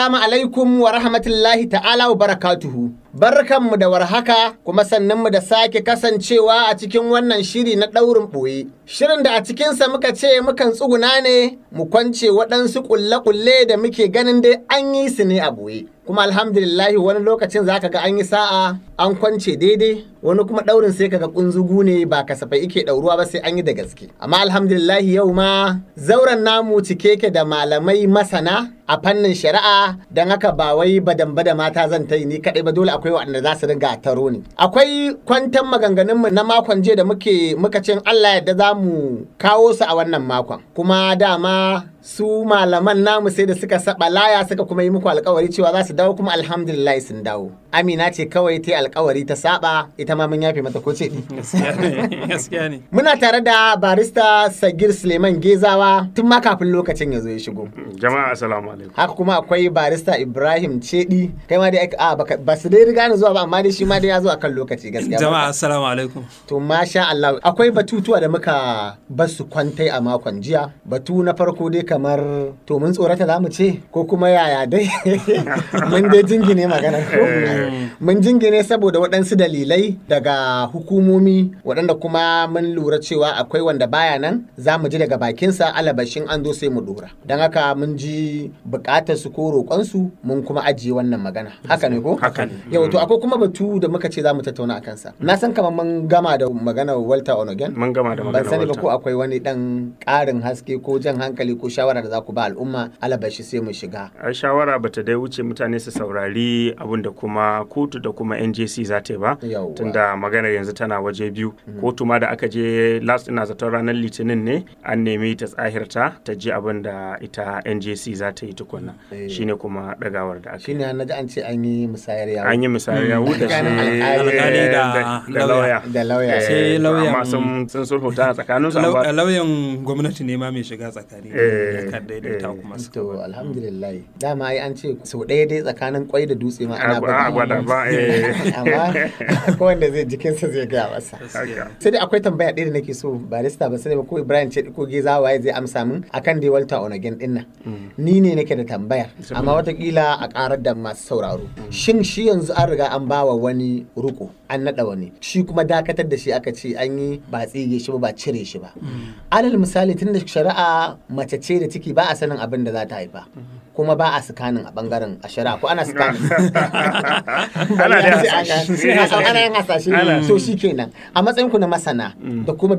Assalamu alaikum wa rahmatullahi ta'ala wa barakatuhu. Barkanmu da warhaka kuma sannanmu da sake kasancewa a cikin wannan shiri na ɗaurin ɓoye. Shirin da a cikinsa muka ce mukan tsuguna ne mu kwance waɗansu ƙulle-ƙulle da muke ganin dai an yi su ne a boye. Kuma alhamdulillahi wani lokacin za ka ga an yi sa'a an kwance daidai wani kuma ɗaurin sai kaga kunzugu ne ba kasafai ike ɗauruwa ba sai an yi da gaske. Amma alhamdulillahi yau ma zauren namu cike ke da malamai masana a fannin shari'a don haka ba wai badan bada mata zan ta yi ni kaɗai ba dole akwai waɗanda za su riga taro ne. Akwai kwantan maganganunmu na makon jiya da muke muka cin Allah yadda za mu mu kawo su a wannan makon kuma dama su malaman namu sai da suka saba laya suka kuma yi muku alkawari cewa za su dawo kuma alhamdulillah sun dawo amina ce kawai ta alkawari ta saba ita ma mun yafe mata ko ce gaskiya ne muna tare da barista sagir suleiman gezawa tun ma kafin lokacin ya zo ya shigo jama'a assalamu alaikum haka kuma akwai barista ibrahim cedi kai ma dai a ba su dai riga ni zuwa ba amma dai shi ma dai ya zo akan lokaci gaskiya jama'a assalamu alaikum to masha Allah akwai batutuwa da muka basu kwantai a makon jiya batu na farko dai kan kamar to mun tsorata za mu ce ko kuma yaya dai mun dai jingine magana ko eh. mun jingine saboda waɗansu dalilai daga hukumomi waɗanda kuma mun lura cewa akwai wanda baya nan za mu ji daga bakinsa alabashin an zo sai mu dora don haka mun ji buƙatar su ko roƙonsu mun kuma ajiye wannan magana haka ne ko haka ne yau to mm. akwai kuma batu da muka ce za mu tattauna akan sa na san kamar mun gama da magana Walter Onogen mun gama da magana ban sani ba ko akwai wani dan ƙarin haske ko jan hankali ko shawara shawara da za ku ba al'umma alabashi sai mu shiga a shawara bata dai wuce mutane su saurari abin da kuma kotu da kuma njc za ta yi ba tunda maganar yanzu tana waje biyu mm. kotu ma da aka je last ina zaton ranar litinin ne an nemi ta tsahirta ta ji abin da ita njc za ta yi tukuna eh. shine kuma dagawar da aka shine na ji an ce an yi musayar yawo an yi musayar yawo mm. da shi alƙali da lauya da lauya eh, sai amma sun sulhunta tsakanin su lauyan gwamnati ne ma mai shiga tsakani eh. yakan eh, daidaita eh, kuma su to alhamdulillah dama ai an ce sau ɗaya dai tsakanin kwai da dutse ma ana gwada ba eh. amma ko wanda zai jikinsa zai ga masa sai dai akwai tambaya ɗaya da nake so barista ba sai ba ko Ibrahim ce ko za waye zai amsa min akan dai Walter Onogen din nan mm. ni ne nake da tambaya amma watakila a karar da masu sauraro mm. shin shi yanzu an riga an bawa wani ruko an naɗa wani shi kuma dakatar da shi aka ce an yi ba tsige shi ba ba cire shi ba mm. alal misali tun da shari'a mace ce da ciki ba a sanin abin da za ta haifa kuma ba a sikanin a bangaren a shari'a ko ana sikanin ana ana yin hasashe so shi kenan a matsayin ku na masana mm. da kuma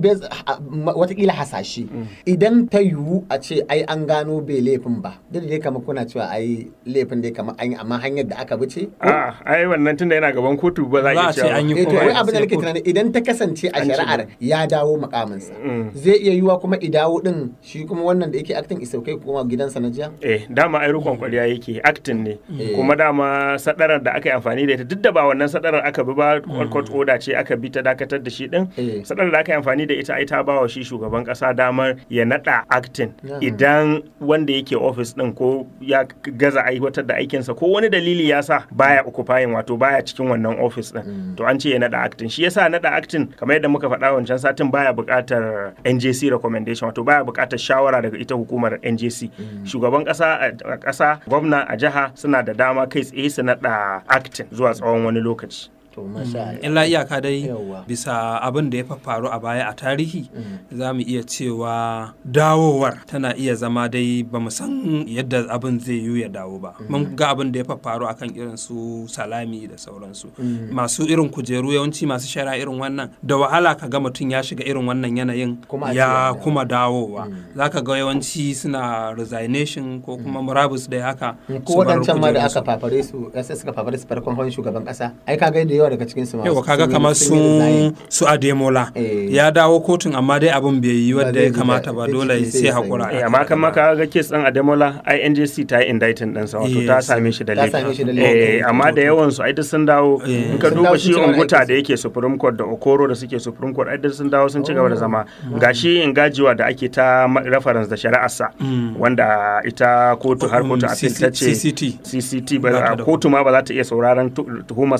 watakila hasashe mm. idan ta yiwu a ce ai an gano bai laifin ba duk da kama kuna cewa ai laifin dai kama an amma hanyar da aka bice a ai wannan tunda yana gaban kotu ba za a ce an yi eh, ko wai abin da nake tunani idan ta kasance a shari'ar ya dawo mukaminsa mm. zai iya yiwa kuma idawo din shi kuma wannan da yake acting isaukai kuma gidansa na jiya eh dama ai ai rukon kwariya yake actin ne eh. kuma dama sadarar da aka yi amfani da ita duk da ba wannan sadarar aka bi ba court mm. order ce aka bi ta dakatar da shi din eh. sadarar da aka yi amfani da ita ai ta bawa shi shugaban kasa damar ya nada actin idan wanda yake office din ko ya gaza aiwatar da aikinsa ko wani dalili ya sa baya occupying wato baya cikin wannan office din mm. to an ce ya nada actin shi yasa nada actin kamar yadda muka faɗa wancan satin baya buƙatar NJC recommendation wato baya buƙatar shawara daga ita hukumar NJC mm. shugaban kasa a ƙasa gwamna a jiha suna da dama kai tsaye su naɗa acting zuwa tsawon wani lokaci to mm. iyaka dai bisa abin da ya faru a baya a tarihi mm. za mu iya cewa dawowar tana iya zama dai ba mu san yadda abin zai yi ya dawo ba mm. mun ga abin da ya faru akan irin su salami da sauransu masu irin kujeru yawanci masu shara irin wannan da wahala ka ga mutum ya shiga irin wannan yanayin ya kuma dawowa za ka ga yawanci suna resignation ko kuma murabus da haka ko wadancan ma da aka fafare su eh, suka fafare su farkon shugaban kasa ai ka ga yawa daga cikin su yawa kaga kamar su su ademola eh. ya dawo kotun amma dai abin bai yi wadda ya kamata ba dole sai hakura eh amma kan maka ga kes din ademola INJC ta yi indicting din sa wato eh, ta same shi da laifi eh amma da eh. yawan su ai duk sun dawo in ka duba shi unguta da yake supreme court da okoro da suke supreme court ai duk sun dawo sun ci gaba da oh. zama gashi ingajiwa da ake ta reference da shari'arsa mm. wanda ita kotu har mm, kotu a ta ce CCT ba kotu ma ba za ta iya sauraron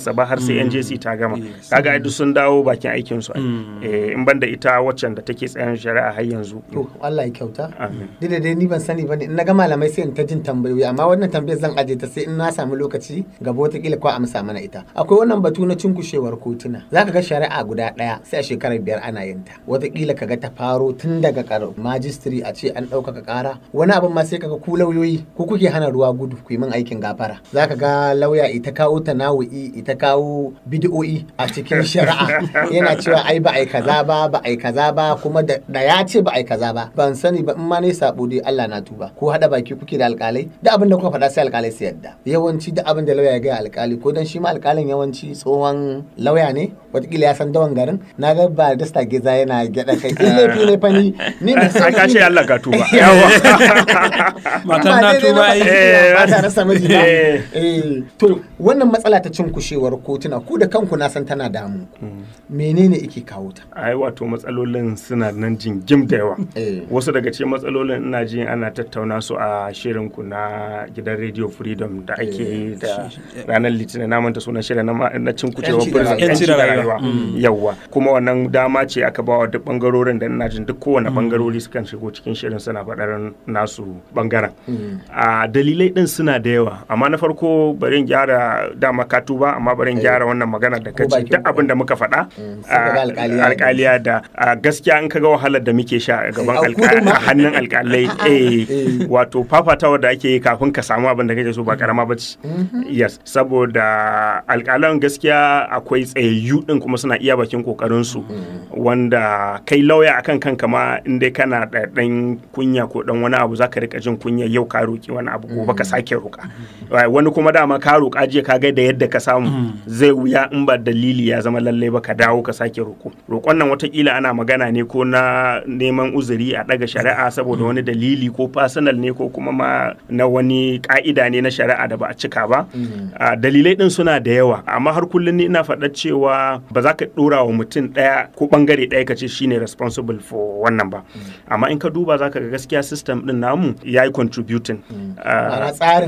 sa ba har sai mm. NJC mm. ta gama kaga duk sun dawo bakin aikin su mm. eh, in banda ita waccan da take tsayan shari'a har yanzu to Allah ya kyauta duk dai ni ban sani bane in na ga malamai sai in ta jin tambayoyi amma wannan tambayar zan aje ta sai in na samu lokaci gaba wata kila ko amsa mana ita akwai wannan batu na cinkushewar kotuna zaka ga shari'a guda daya sai a shekarar biyar ana yin ta wata kila kaga ta faro tun daga karo majistri a ce an ɗaukaka kara wani abin ma sai kaga ku lauyoyi ku kuke hana ruwa gudu ku yi min aikin gafara zaka ga lauya ita kawo tanawu'i ita kawo bidi'o'i a cikin shari'a yana cewa ai ba ai kaza ba ba ai kaza ba kuma da ya ce ba ai kaza ba ban sani ba in ma ne sabo dai Allah na tuba ko hada baki kuke da alƙalai da abin da kuka faɗa sai alƙalai su yadda yawanci da abin da lauya ya ga alƙali ko dan shi ma alƙalin yawanci tsohon lauya ne watakila ya san dawan garin na ga ba da sta geza yana gyada kai in ne fi ne ni ni ne sai ka ce Allah ka tuba yawa matan na tuba eh ba ta rasa miji eh. eh to wannan matsala ta cin kushewar kotuna ku da kanku na san tana damu hmm. menene ike kawo ta ai wato matsalolin suna nan jingim da yawa eh. wasu daga cikin matsalolin ina ji ana tattauna su a shirin ku na gidan radio freedom da ake eh. da eh. ranar litinin na manta sunan shirin na cin kucewa yanci da rayuwa yawa hmm. kuma wannan dama ce aka bawa duk bangarorin da ina jin duk kowane hmm. bangarori sukan shigo cikin shirin suna faɗar nasu bangaren a dalilai din suna da yawa amma na farko bari in gyara dama ba amma bari in gyara wannan magana da kace duk abin da muka faɗa mm, ah, alƙaliya da ah, gaskiya an kaga wahalar da muke sha a gaban hannun alkalai eh, eh. wato fafatawa da ake yi kafin ka samu abin da kake so ba karama mm-hmm. ba ci mm-hmm. yes saboda alƙalan gaskiya akwai tsayayyu din kuma suna iya bakin kokarin su mm-hmm. wanda kai lauya akan kan kama in dai kana da dan kunya ko dan wani abu zaka rika jin kunya yau ka roki wani abu gobe ka sake roka wani kuma dama ka roka jiya ka ga da yadda ka samu mm. zai ya in ba dalili ya zama lallai ba ka dawo ka sake roƙo roƙon nan watakila ana magana ne ko na neman uzuri a ɗaga shari'a saboda wani dalili ko fasinal ne ko kuma ma na wani ka'ida ne na shari'a da ba a cika ba mm. dalilai ɗin suna da yawa amma har kullum ni ina faɗa cewa ba za ka ɗora wa mutum ɗaya ko ɓangare ɗaya ka ce shine responsible for wannan ba mm. amma in ka duba za ka ga gaskiya system ɗin namu ya yi contributing mm.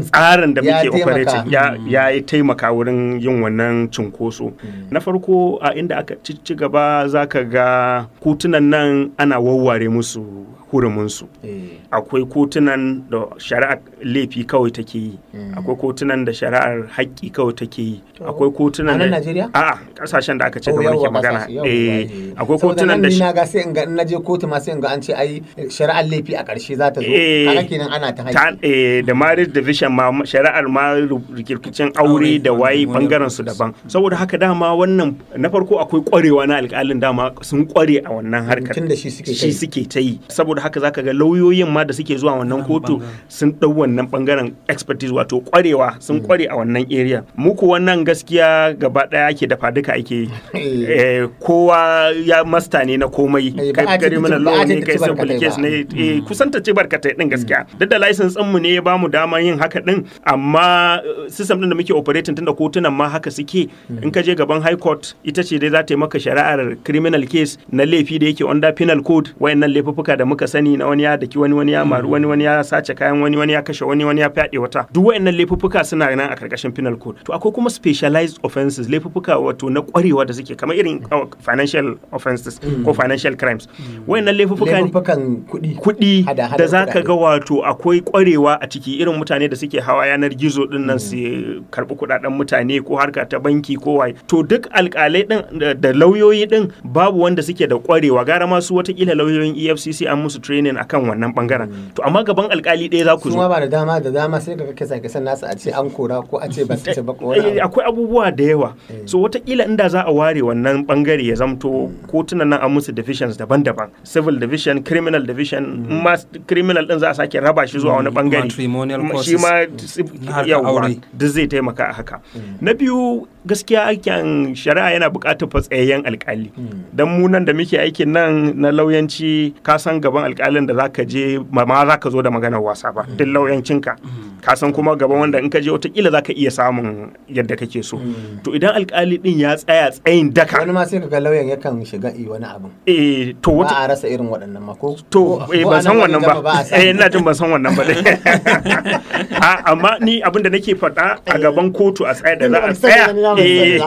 tsarin da muke operating ya yi taimaka wurin yin wannan cin cunkoso mm. na farko a inda aka ci gaba za ka ga kutunan nan ana wawware musu huruminsu eh. akwai kotunan da shari'ar laifi kawai take yi hmm. akwai kotunan da shari'ar haƙƙi kawai take yi akwai kotunan da a kasashen da aka ce oh, kamar ke magana eh akwai kotunan da na ga sai in ga je kotu ma sai in ga an ce ai shari'ar laifi a ƙarshe za ta zo eh. kaga kenan ana ta haƙƙi eh da marriage division ma shari'ar ma rikirkicin aure da waye bangaren su daban saboda haka dama wannan na farko akwai kwarewa na alƙalin dama sun kware a wannan harkar da shi suke ta yi saboda haka zaka ga lauyoyin ma da suke zuwa wannan kotu sun dau wannan bangaren expertise wato kwarewa sun kware mm. a wannan area muku wannan gaskiya gaba daya ake dafa duka ake eh. Eh, kowa ya masta ne na komai eh, kai gari mana kai simple case ne mm. kusan ta ce barkatai din gaskiya mm. duk da license din mu ne ya bamu dama yin haka din amma system ɗin da muke operating tunda kotunan ma haka suke in ka je gaban high court ita ce dai za ta yi maka shari'ar criminal case na laifi da yake under penal code wayannan laifuffuka da muka muka sani na wani ya daki wani wani ya hmm. maru wani wani ya sace kayan wani wani ya kashe wani wani ya fyaɗe wata duk wayannan laifuffuka suna nan a karkashin penal code to akwai kuma specialized offenses laifuffuka wato na kwarewa da suke kamar irin uh, financial offenses hmm. ko financial crimes hmm. waɗannan laifuffuka ne kuɗi da za ka ga wato akwai kwarewa a ciki irin mutane da suke hawa yanar gizo din nan su karɓi kuɗaɗen mutane ko harka ta banki ko waye to duk alƙalai din da lauyoyi din babu wanda suke da kwarewa gara ma su watakila lauyoyin EFCC an musu musu training akan wannan bangaren mm. to amma gaban alkali ɗaya za ku zo ba da dama da dama sai ka kake sake san nasa a ce an kora ko a ce ba su ce ba kora. Eh, akwai abubuwa da yawa eh. so kila inda za a ware wannan bangare ya zamto mm. kotunan nan an musu divisions daban-daban civil division criminal division mm. ma criminal din za a sake raba shi zuwa wani bangare shi ma yawa duk zai taimaka a haka na biyu gaskiya aikin shari'a yana buƙatar fatsayayyen alkali dan mu nan da muke aikin nan na lauyanci ka san gaban gaban alkalin da zaka je ma zaka zo da maganar wasa ba duk lauyancinka ka san kuma gaban wanda in ka je kila zaka iya samun yadda kake so to idan alkali din ya tsaya tsayin daka wani ma sai ka ga lauyan yakan shiga i wani abin eh to wata a rasa irin waɗannan ma ko to eh, ban san wannan ba eh ina jin ban san wannan ba a amma ni abin da nake faɗa a eh. gaban kotu a tsaya da za a tsaya eh.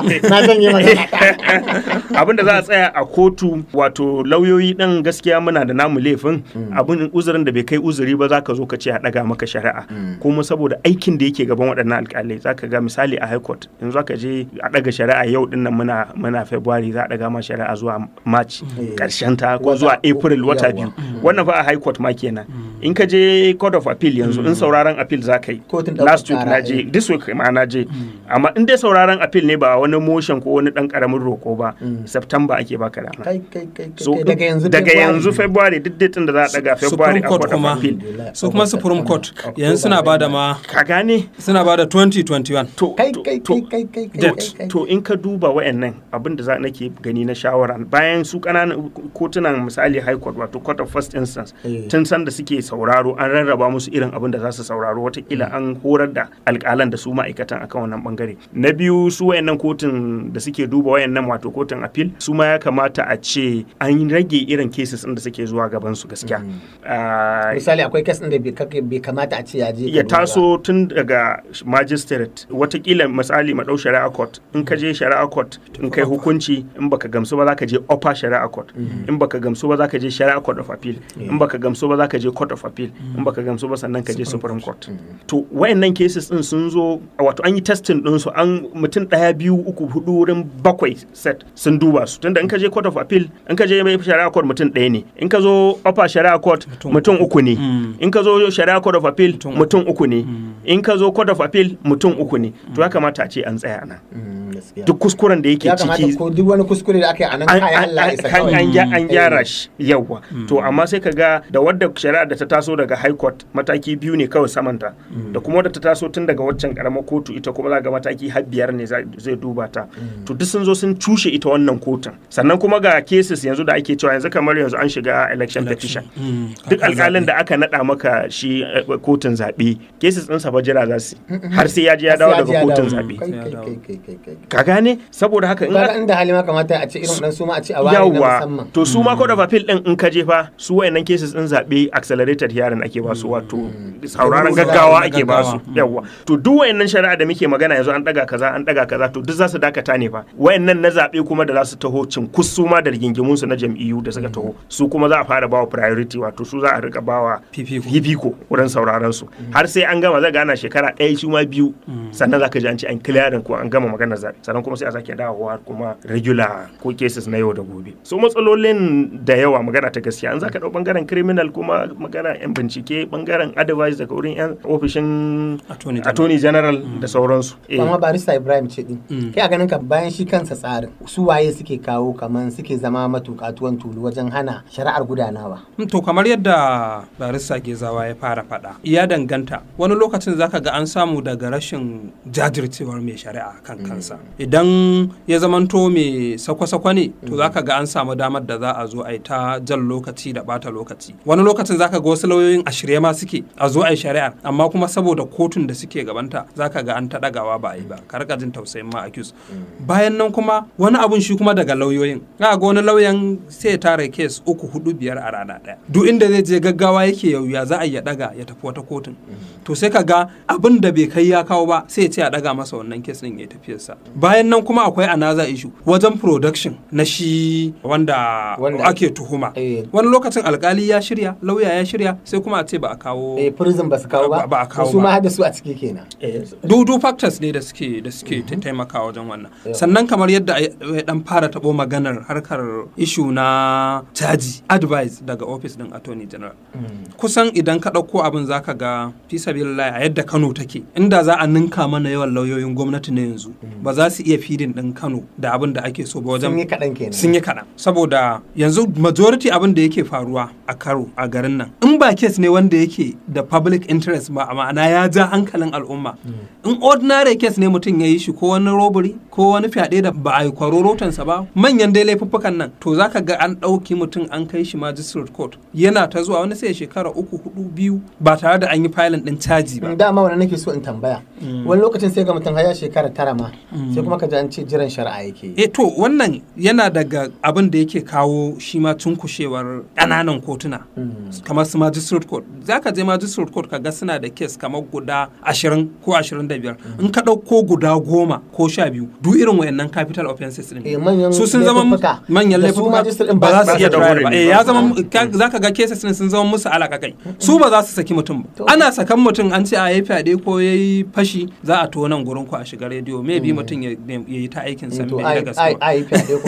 abin da za a tsaya a kotu wato lauyoyi din gaskiya muna da namu laifin laifin mm. abin uzurin da bai kai uzuri ba za ka zo ka ce a ɗaga maka shari'a mm. kuma saboda aikin da yake gaban waɗannan alƙalai za ka ga misali a high court za ka je a ɗaga shari'a yau din nan muna muna february za a ɗaga ma shari'a zuwa march karshen mm. ta ko zuwa april wata biyu wannan fa a high court ma kenan in ka je court of appeal yanzu in hmm. sauraron appeal za ka yi last week na je eh. this week ma na je hmm. amma in dai sauraron appeal ne ba wani motion ko wani dan karamin roko ba hmm. september ake baka rana so daga yanzu february duk datin da za a daga february a court of appeal so kuma supreme court yanzu suna bada ma ka gane suna bada 2021 to to to in ka duba wayannan abin da za nake gani na shawara bayan su kananan kotunan misali high court wato court of first instance eh. tun san da suke sauraro an rarraba musu irin abin da za su sauraro watakila mm. an horar da alƙalan da su ma'aikatan akan wannan bangare na biyu su wayannan kotun da suke duba wayannan wato kotun appeal su ma ya kamata a ce an rage irin cases din da suke zuwa gaban su gaskiya mm. ah, misali akwai kes din da bai kamata a ce ya je ya taso tun daga magistrate watakila misali ma dau shari'a court in ka je shari'a court in kai hukunci in baka gamsu ba za ka je upper shari'a court mm. in baka gamsu ba za ka je shari'a court of appeal in baka gamsu ba za ka je court of appeal in mm. baka gamsu ba sannan ka je supreme court mm. to wayannan cases din sun zo wato an yi testing din su an mutum daya biyu uku hudu wurin bakwai set sun duba su tunda in ka je court of appeal in ka je mai shari'a court mutum daya ne in ka zo upper shari'a court mutum uku ne mm. in ka zo shari'a court of appeal mutum uku ne in ka zo court of appeal mutum uku ne to ya kamata a ce an tsaya nan duk kuskuren da yake ciki duk wani kuskure da aka yi a nan an gyara eh. shi yawa to amma sai ka ga da wadda shari'a da ta taso daga high court mataki biyu ne kawai samanta mm. da kuma wadda ta taso tun daga waccan karamar kotu ita kuma za ga mataki har biyar ne zai duba ta mm. to duk sun zo sun cushe ita wannan kotun sannan kuma ga cases yanzu da ake cewa yanzu kamar yanzu an shiga election petition mm. duk alkalin da aka nada maka shi eh, kotun zabe cases ɗinsa fa jira za su har sai ya je ya dawo daga kotun zabe ka gane saboda haka in da hali ma kamata a ce irin dan su ma a ce a wani musamman to su ma ko da papil din in ka je fa su wayannan cases din zabe accelerate accelerated hearing ake ba su mm. wato mm. sauraron gaggawa ake ba su mm. yawa to duk wayannan shari'a da muke magana yanzu an daga kaza an ɗaga kaza to duk za su dakata ne fa wayannan na zabe kuma da za su taho cinkus su ma da rigingimun su na jam'iyyu da suka taho su kuma za a fara bawa priority wato su za a rika bawa fifiko wurin sauraron su har sai an gama za gana shekara ɗaya shi ma biyu sannan za ka ji an ce an clearing ko an gama maganar zabe sannan kuma sai a sake dawowa kuma regular ko cases na yau da gobe so matsalolin da yawa magana ta gaskiya an ka ɗau bangaren criminal kuma magana bangaren 'yan bincike bangaren advice daga wurin 'yan ofishin attorney general mm. da sauransu eh. amma barista ibrahim ce din mm. kai a ganin ka bayan shi kansa tsarin su waye suke kawo kaman suke zama matukatuwan tulu wajen hana shari'ar gudanawa mm, to kamar yadda barista gezawa ya fara faɗa iya danganta wani lokacin zaka ga an samu daga rashin jajircewar mai shari'a kan kansa idan ya zamanto mai sakwa-sakwa ne to zaka ga an samu damar da za a zo a yi ta jan lokaci da bata lokaci wani lokacin zaka ga wasu lauyoyin a shirye ma suke a zo a yi shari'ar amma kuma saboda kotun da suke gabanta zaka ga an ta ba a yi ba ka riƙa jin tausayin ma accuse mm. bayan nan kuma wani abun shi kuma daga lauyoyin aa ga wani lauyan sai ya tara kes uku hudu biyar a rana daya duk inda zai je gaggawa yake yau ya za a ya daga ya tafi wata kotun mm. to sai ka ga abin da bai kai ya kawo ba sai ya ce a daga masa wannan kes din ya tafi sa bayan nan kuma akwai anaza issue wajen production na shi wanda ake tuhuma eh. wani lokacin alkali ya shirya lauya ya shirya Najeriya sai kuma a ce ba a kawo eh prison ba su kawo ba ba a kawo su ma hada su a ciki kenan dudu eh, factors ne da suke da suke mhm. taimaka wajen wannan sannan kamar yadda ya dan fara tabo maganar harkar issue na caji advice daga office din attorney general mhm. kusan idan ka dauko abin zaka ga fi sabilillahi a yadda Kano take inda za a ninka mana yawan lauyoyin gwamnati na yanzu mhm. ba za su iya fidin din Kano da abin da ake so ba wajen sun yi kadan kenan sun yi kadan saboda yanzu majority abin da yake faruwa a Karo a garin nan in in ba kes ne wanda yake da public interest ba ma'ana ya ja hankalin al'umma hmm. in ordinary case ne mutum ya yi shi ko wani robbery ko wani fyaɗe da ba a yi kwarorotansa ba manyan dai laifuffukan nan to za ka ga an ɗauki mutum an kai shi magistrate court yana ta zuwa wani sai shekara uku hudu biyu ba tare da an yi filing din caji ba hmm, dama wani nake so in tambaya hmm. wani lokacin sai ga mutum haya shekara tara ma sai kuma ka ji an ce jiran shari'a yake eh to wannan yana daga abin da yake kawo shi ma tunkushewar ƙananan kotuna kamar su magistrate court za ka je magistrate court ka ga suna da kes kamar guda 20 ko 25 in ka ɗauko guda goma ko sha biyu duk irin wayannan capital offenses din eh, su sun zama manyan laifuka ba za su iya daure ba eh, ya zama mm-hmm. za ka ga cases din sun zama musu alaka kai su ba za su saki mutum ba ana sakan mutum an ce a yi fyaɗe ko ya yi fashi za a to nan gurin ku a shiga rediyo me bi mm. mutum ya yi ta aikin sa mm, da gaske fyaɗe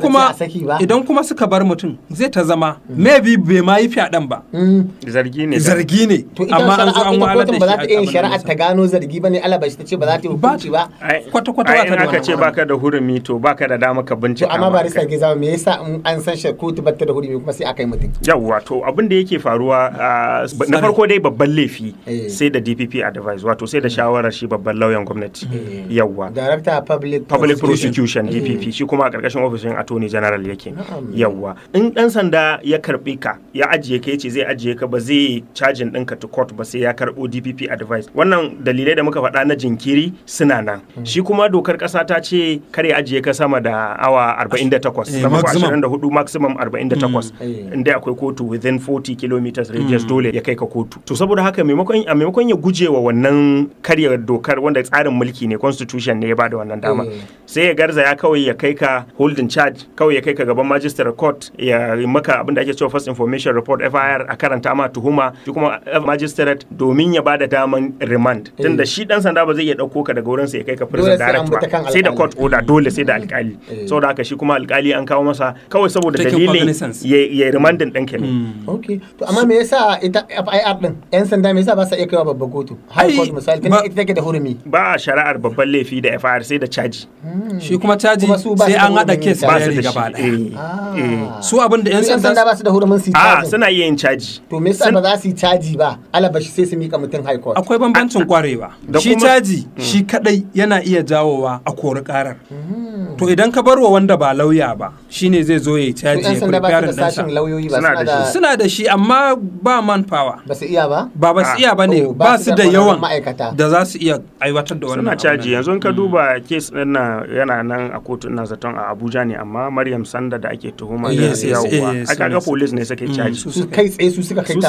kuma idan kuma suka bar mutum zai ta zama me mm. bi bai ma yi fyaɗen ba. Mm. Zargi ne. Zargi ne. Amma an zo an wahalar da shi. Ba za ta iya shari'a ta gano zargi ba ne shi ta ce ba za ta yi hukunci ba. Kwata kwata ba ta da wani. ce ka da hurumi to ka da dama ka bincika. Amma ba risa ke zama me yasa an san shi kotu ba ta da hurumi kuma sai a yi mutum. Yawwa to abin da yake faruwa na farko dai babban laifi eh. sai da DPP advice wato sai da shawarar shi babban lauyan gwamnati. Eh. Yawwa. Director Public Public Prosecution eh. DPP shi kuma a ƙarƙashin ofishin Attorney General yake. Yawwa. In ɗan sanda ya karɓi ka ya ajiye ka yace zai ajiye ka ba zai cajin ɗinka to court ba sai ya karɓo DPP advice wannan dalilai da muka faɗa na jinkiri suna nan hmm. shi kuma dokar ƙasa ta ce kar ya ajiye ka sama da awa 48 da eh, mako 24 maximum 48 hmm. eh. inda akwai kotu within 40 kilometers radius hmm. dole ya kai ka kotu to saboda haka maimakon a maimakon ya guje wa wannan karya dokar wanda tsarin mulki ne constitution ne ya bada wannan dama eh. sai ya garza ya kawai ya kai ka holding charge kawai ya kai ka gaban magistrate court ya maka abin da ake cewa first information special report FIR a karanta ma tuhuma shi kuma magistrate domin ya bada daman remand eh. tunda shi dan sanda ba zai iya dauko ka daga sa ya kai ka prison direct ba sai da court order dole sai da mm. alkali eh. saboda haka shi kuma alkali an kawo masa kawai saboda dalilin ya remandin ɗinka ne mm. okay to amma me yasa ita FIR din yan sanda me yasa ba sa iya kaiwa babban kotu high court misali tunda ita take da hurumi ba a shari'ar babban laifi da FIR sai da caji mm. shi kuma caji sai an hada case ba su da gaba eh, ah. su abin da yan sanda ba su da hurumin su a suna iya yin caji to me yasa ba za su yi caji ba alabashi sai su mika mutum high court akwai bambancin kwarewa shi caji hmm. shi kadai yana iya jawowa a kori karar hmm. to idan ka barwa wanda ba lauya ba shine zai zo ya yi caji ya karar dan sa suna da shi amma ba man power ba su iya ba ba ba su iya ba ne oh, ba su da yawan da za su iya aiwatar da wannan suna caji yanzu in ka hmm. duba case din na yana nan a kotun nan zaton a Abuja ne amma Maryam Sanda da ake tuhuma oh, da yawa aka ga police ne suke caji. su kai tsaye su suka kai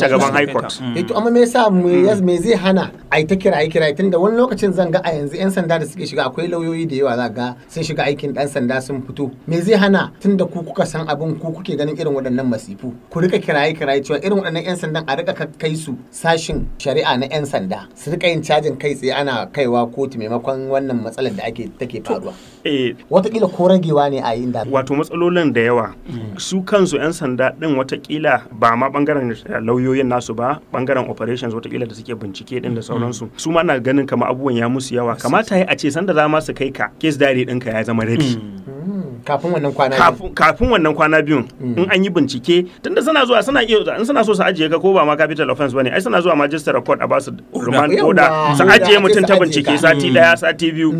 ta gaban high mm. eh, court amma me yasa mm. me zai hana yi ta kiraye kiraye tunda wani lokacin zan ga a yanzu yan sanda da suke shiga akwai lauyoyi da yawa za ga sun shiga aikin dan sanda sun fito me zai hana tunda ku kuka san abin ku kuke ganin irin waɗannan masifu ku rika kiraye kiraye cewa irin waɗannan yan sandan a rika kai su sashin shari'a na yan sanda su rika yin cajin kai tsaye ana kaiwa kotu maimakon wannan matsalar da ake take faruwa Eh, watakila ko ragewa ne a inda wato matsalolin da yawa su kansu 'yan sanda din watakila ba ma bangaren eh, lauyoyin nasu ba bangaren operations watakila da suke bincike din da sauransu mm. su ma na ganin kama abubuwan ya musu yawa kamata ya a ce sanda za ma su kai ka case diary ɗinka ya zama rabi mm. mm. kafin wannan kwana biyun kafin wannan kwana biyun in an yi bincike tunda suna zuwa suna iya in suna so su ajiye ka ko ba ma capital offense bane ai suna zuwa magister record a ba su remand order su ajiye mutum ta bincike sati daya sati biyu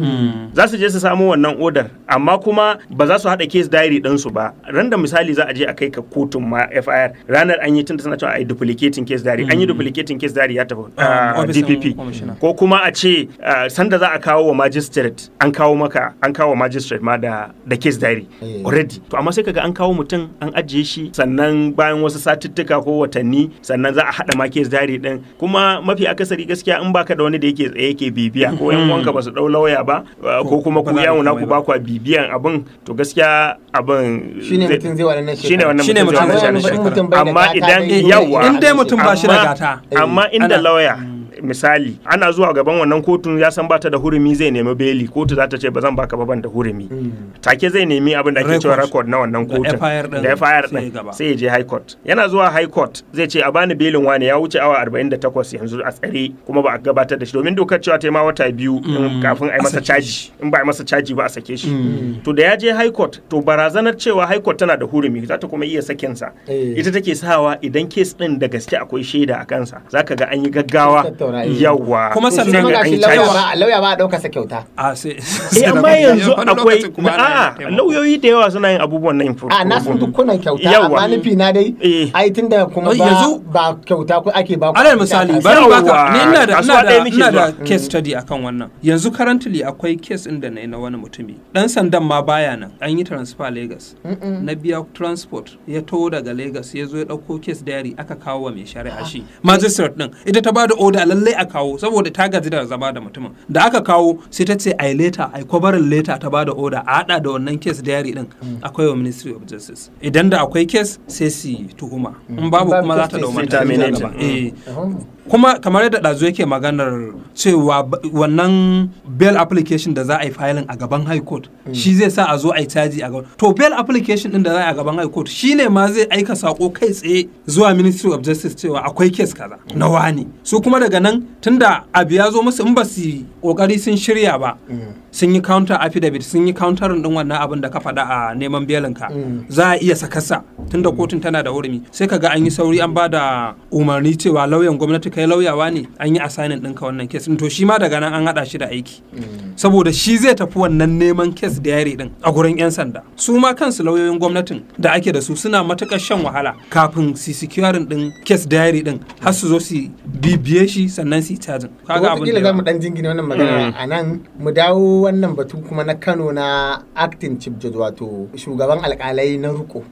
za su je su samu wannan wannan odar amma kuma ba za su hada case diary su ba ran da misali za a je a kai ka kotun ma FIR ranar an yi tunda sana cewa a yi duplicating case diary an yi hmm. duplicating case diary ya tafi ah, ah, DPP ko kuma a ce ah, sanda za a kawo wa magistrate an kawo maka an kawo magistrate ma da da case diary eh. already to amma sai kaga an kawo mutum an ajiye shi sannan bayan wasu satuttuka ko watanni sannan za a hada ma case diary din kuma mafi akasari gaskiya in baka da wani da yake tsaye yake bibiya ko yan hmm. uwanka ba su ɗau lauya ba ko kuma ku na ku ba ku bibiyan abin to gaskiya abin shine mutum zai wannan shekara shine mutum zai wannan shekara amma idan yawa in dai mutum ba shi da gata amma eh, inda lawyer mm. misali ana zuwa gaban wannan kotun ya san bata da hurumi zai nemi beli kotu za ta ce ba zan baka ba ban da hurumi hmm. take zai nemi abin da ake cewa record na wannan kotun da FIR din sai ya je high court yana zuwa high court zai ce a bani belin wane ya wuce awa 48 yanzu a tsare kuma ba a gabatar da shi domin dokar cewa ta ma wata biyu hmm. kafin a yi masa caji in ba a yi masa caji ba a sake shi hmm. to da ya je high court to barazanar cewa high court tana da hurumi za ta kuma iya sa eh. ita take sawa idan kes din da gaske akwai shaida a kansa zaka ga an yi gaggawa tattauna eh. yawa kuma sannan ga shi lauya ba a dauka sa kyauta a ah, eh, sai amma yanzu akwai a lauyoyi da yawa suna yin abubuwan nan info a na san dukkanin kyauta amma nufi na dai eh. ai tunda kuma ba ba kyauta ko ake ba alal misali bari baka ni ina da ina da ina da case mm. study akan wannan yanzu currently akwai case din da na na wani mutumi dan sandan ma baya nan an yi transfer Lagos na biya transport ya taho daga Lagos ya zo ya dauko case diary aka kawo wa mai shari'a ah. shi magistrate din ita ta bada order lallai a kawo saboda ta gaji da zama da mutumin da aka kawo sai ta ce ai leta ai kwabarin leta ta bada oda a hada da wannan case diary din mm. akwai wa ministry of justice idan da akwai case sai su tuhuma mm. in babu kuma za ta daumata eh. mm. kuma kamar yadda ɗazu yake maganar cewa wannan bail application da za a yi filing a gaban high court shi zai sa a zo a yi caji a gaban to bail application din da za a yi a gaban high court shi ne ma zai aika sako kai tsaye zuwa ministry of justice cewa akwai case kaza na wani su kuma daga nan nan tunda abu ya zo musu in ba su kokari sun shirya ba mm. sun yi counter affidavit sun yi counter din wannan abin da ka faɗa a neman belinka mm. za a iya sakasa tunda mm. kotun tana da wurmi sai ka ga an yi sauri an ba da umarni cewa lauyan gwamnati kai lauyawa ne an yi din ɗinka wannan kes to shi ma daga nan an haɗa shi da aiki saboda shi zai tafi wannan neman kes diary din a gurin 'yan sanda su ma kansu lauyoyin gwamnatin da ake da su suna matukar shan wahala kafin su securing din kes diary din har su zo su bibiye shi sannan su cajin kaga abin da za mu ɗan jingine wannan magana mm. a nan mu dawo wannan batu kuma na Kano na acting chief judge wato shugaban alƙalai na ruko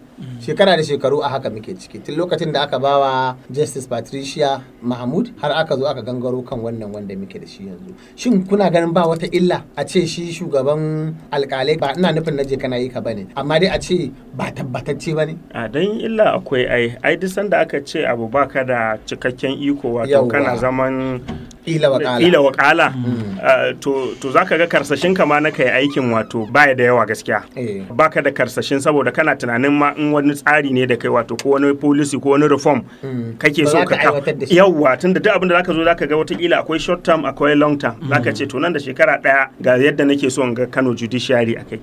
shekara da shekaru a haka muke ciki tun lokacin da aka bawa justice patricia mahmud har aka zo aka gangaro kan wannan wanda muke da shi yanzu shin kuna ganin ba wata illa a ce shi shugaban alkalai ba ina nufin na je kana yi ka bane amma dai a ce ba tabbatacce bane a dan illa akwai ai ai duk sanda aka ce abu baka da cikakken iko wato kana zaman ila wakala mm. uh, to za ka ga karsashin kama na kai aikin wato baya da yawa gaskiya eh. baka da karsashin saboda kana tunanin ma in wani tsari ne da kai wato ko wani policy ko wani reform mm. kake so ka yawa tunda duk abin da zaka zo zaka ga wata kila akwai short term akwai long term mm. zaka ce to nan da shekara daya ga yadda nake so in ga Kano judiciary akai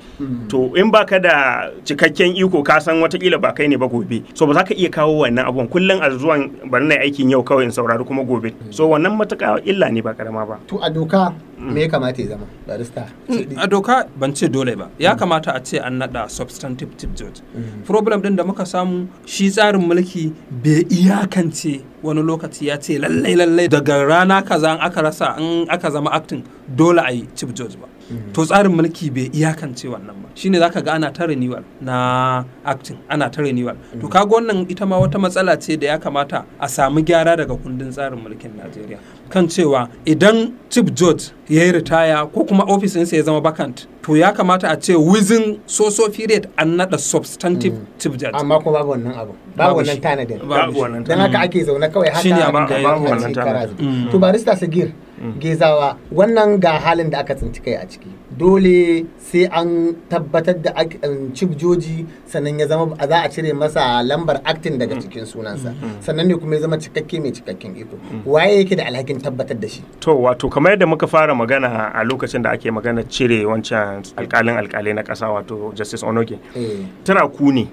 to in baka da cikakken iko ka san wata kila ba kai ne ba gobe so ba zaka iya kawo wannan abun kullun a zuwan bari na aikin yau kawai in saurari kuma gobe so wannan matuƙa illa ne ba karama ba to a doka me ya kamata ya zama barista mm, a doka ban ce dole ba ya mm. kamata a ce an naɗa substantive tip judge mm. problem din da muka samu shi tsarin mulki bai iyakance wani lokaci ya ce lallai lallai daga rana kaza an aka rasa an aka zama acting dole a yi tip judge ba to tsarin mulki bai iyakance wannan ba shine zaka ga ana ta renewal na acting ana ta renewal to kaga wannan ita ma wata matsala ce da ya kamata a samu gyara daga kundin tsarin mulkin Najeriya kan cewa idan Chief judge ya yi ritaya ko kuma ofisinsa ya zama vacant to ya kamata a ce within so so period an nada substantive mm. chief judge amma kuma babu wannan abu babu wannan tanadin babu wannan dan haka ake zaune kawai haka babu wannan tanadin mm. to barista Sagir gezawa wannan ga halin da aka tsinci kai a ciki dole sai an tabbatar da um, cif joji sannan ya zama za a cire masa lambar actin daga mm. cikin sunansa mm. Mm. sannan ne kuma ya zama cikakke mai cikakken iko waye yake da alhakin tabbatar da shi to wato kamar yadda muka fara magana a lokacin da ake magana cire wancan alkalin alkalai na kasa wato justice onoge eh. tana ku eh,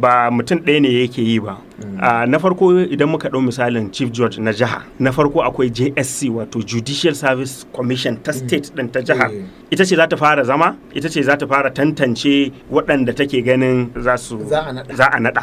ba mutum ɗaya ne yake yi ba ah, na farko idan muka ɗau misalin chief george na jiha na farko akwai jsc wato judicial service commission ta state ɗin ta jiha eh. ita ce za ta fara zama ita ce za ta fara tantance waɗanda take ganin za su za a naɗa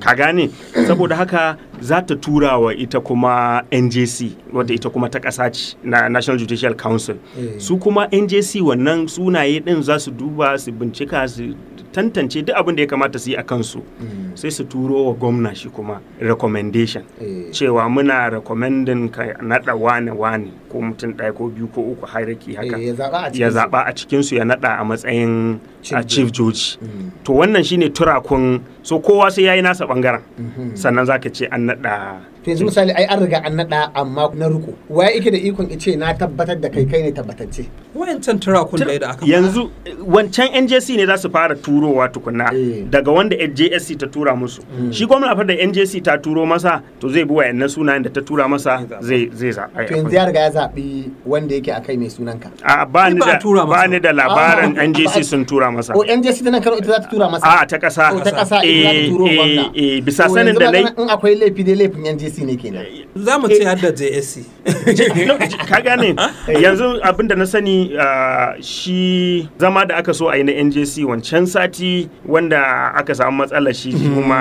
ka gane saboda haka za ta tura wa ita kuma njc wadda ita kuma ta ƙasa ce na national judicial council eh. su kuma njc wannan sunaye ɗin za su duba su bincika su tantance duk abin da ya kamata su yi a kansu mm. sai su turo wa gwamna shi kuma recommendation eh. cewa muna recommending ka naɗa wane wane ko mutum ɗaya ko biyu ko uku haraki haka eh, ya zaba a cikinsu ya naɗa a matsayin a chief judge. Mm. to wannan shine turakun so kowa sai yayi nasa bangaren mm-hmm. sannan zaka ce an nada to yanzu misali ai an riga an nada amma na ruku waye yake da ikon ice na tabbatar da kai kai ne tabbatacce wancan turakun da aka yanzu eh, wancan NJC ne za su fara turowa tukunna eh. daga wanda njc ta tura musu mm. shi gwamna fa da NJC ta turo masa to zai bi wayannan sunayen da ta tura masa zai zai zaɓa to yanzu ya riga ya zaɓi wanda yake akai mai sunanka a ba ni da ba ni da labarin ah. NJC sun tura masa o NJC jesi nan karo ita za ta tura masa a ta kasa ta kasa ita za ta eh, turo eh, gwamna eh bisa sanin da nai in akwai laifi dai laifin NJC ne kenan eh, za mu ce har da JSC ka gane yanzu abinda na sani ah, shi zama da aka so a yi na NJC wancan sati wanda aka samu matsala shi hmm. kuma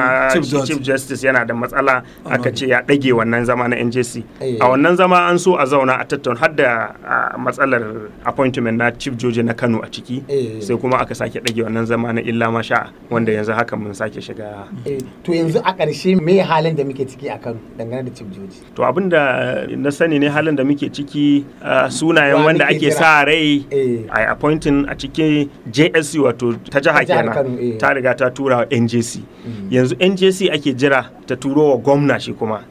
Chief Justice yana da matsala oh, aka ce ya dage wannan zama na NJC a wannan zama an so a zauna a tattauna har da ah, matsalar appointment na Chief Joji na Kano a ciki sai kuma aka sake ɗage wannan zama na illa masha wanda yanzu haka mun sake shiga eh, to yanzu a ƙarshe me halin da muke ciki a Kano dangane da cibjoji to abin da eh, na sani ne halin da muke ciki eh, sunayen wanda ake sa rai a appointing a cikin JSC wato ta jiha kenan ta riga ta tura wa NJC mm. yanzu NJC ake jira ta turo wa gwamna shi kuma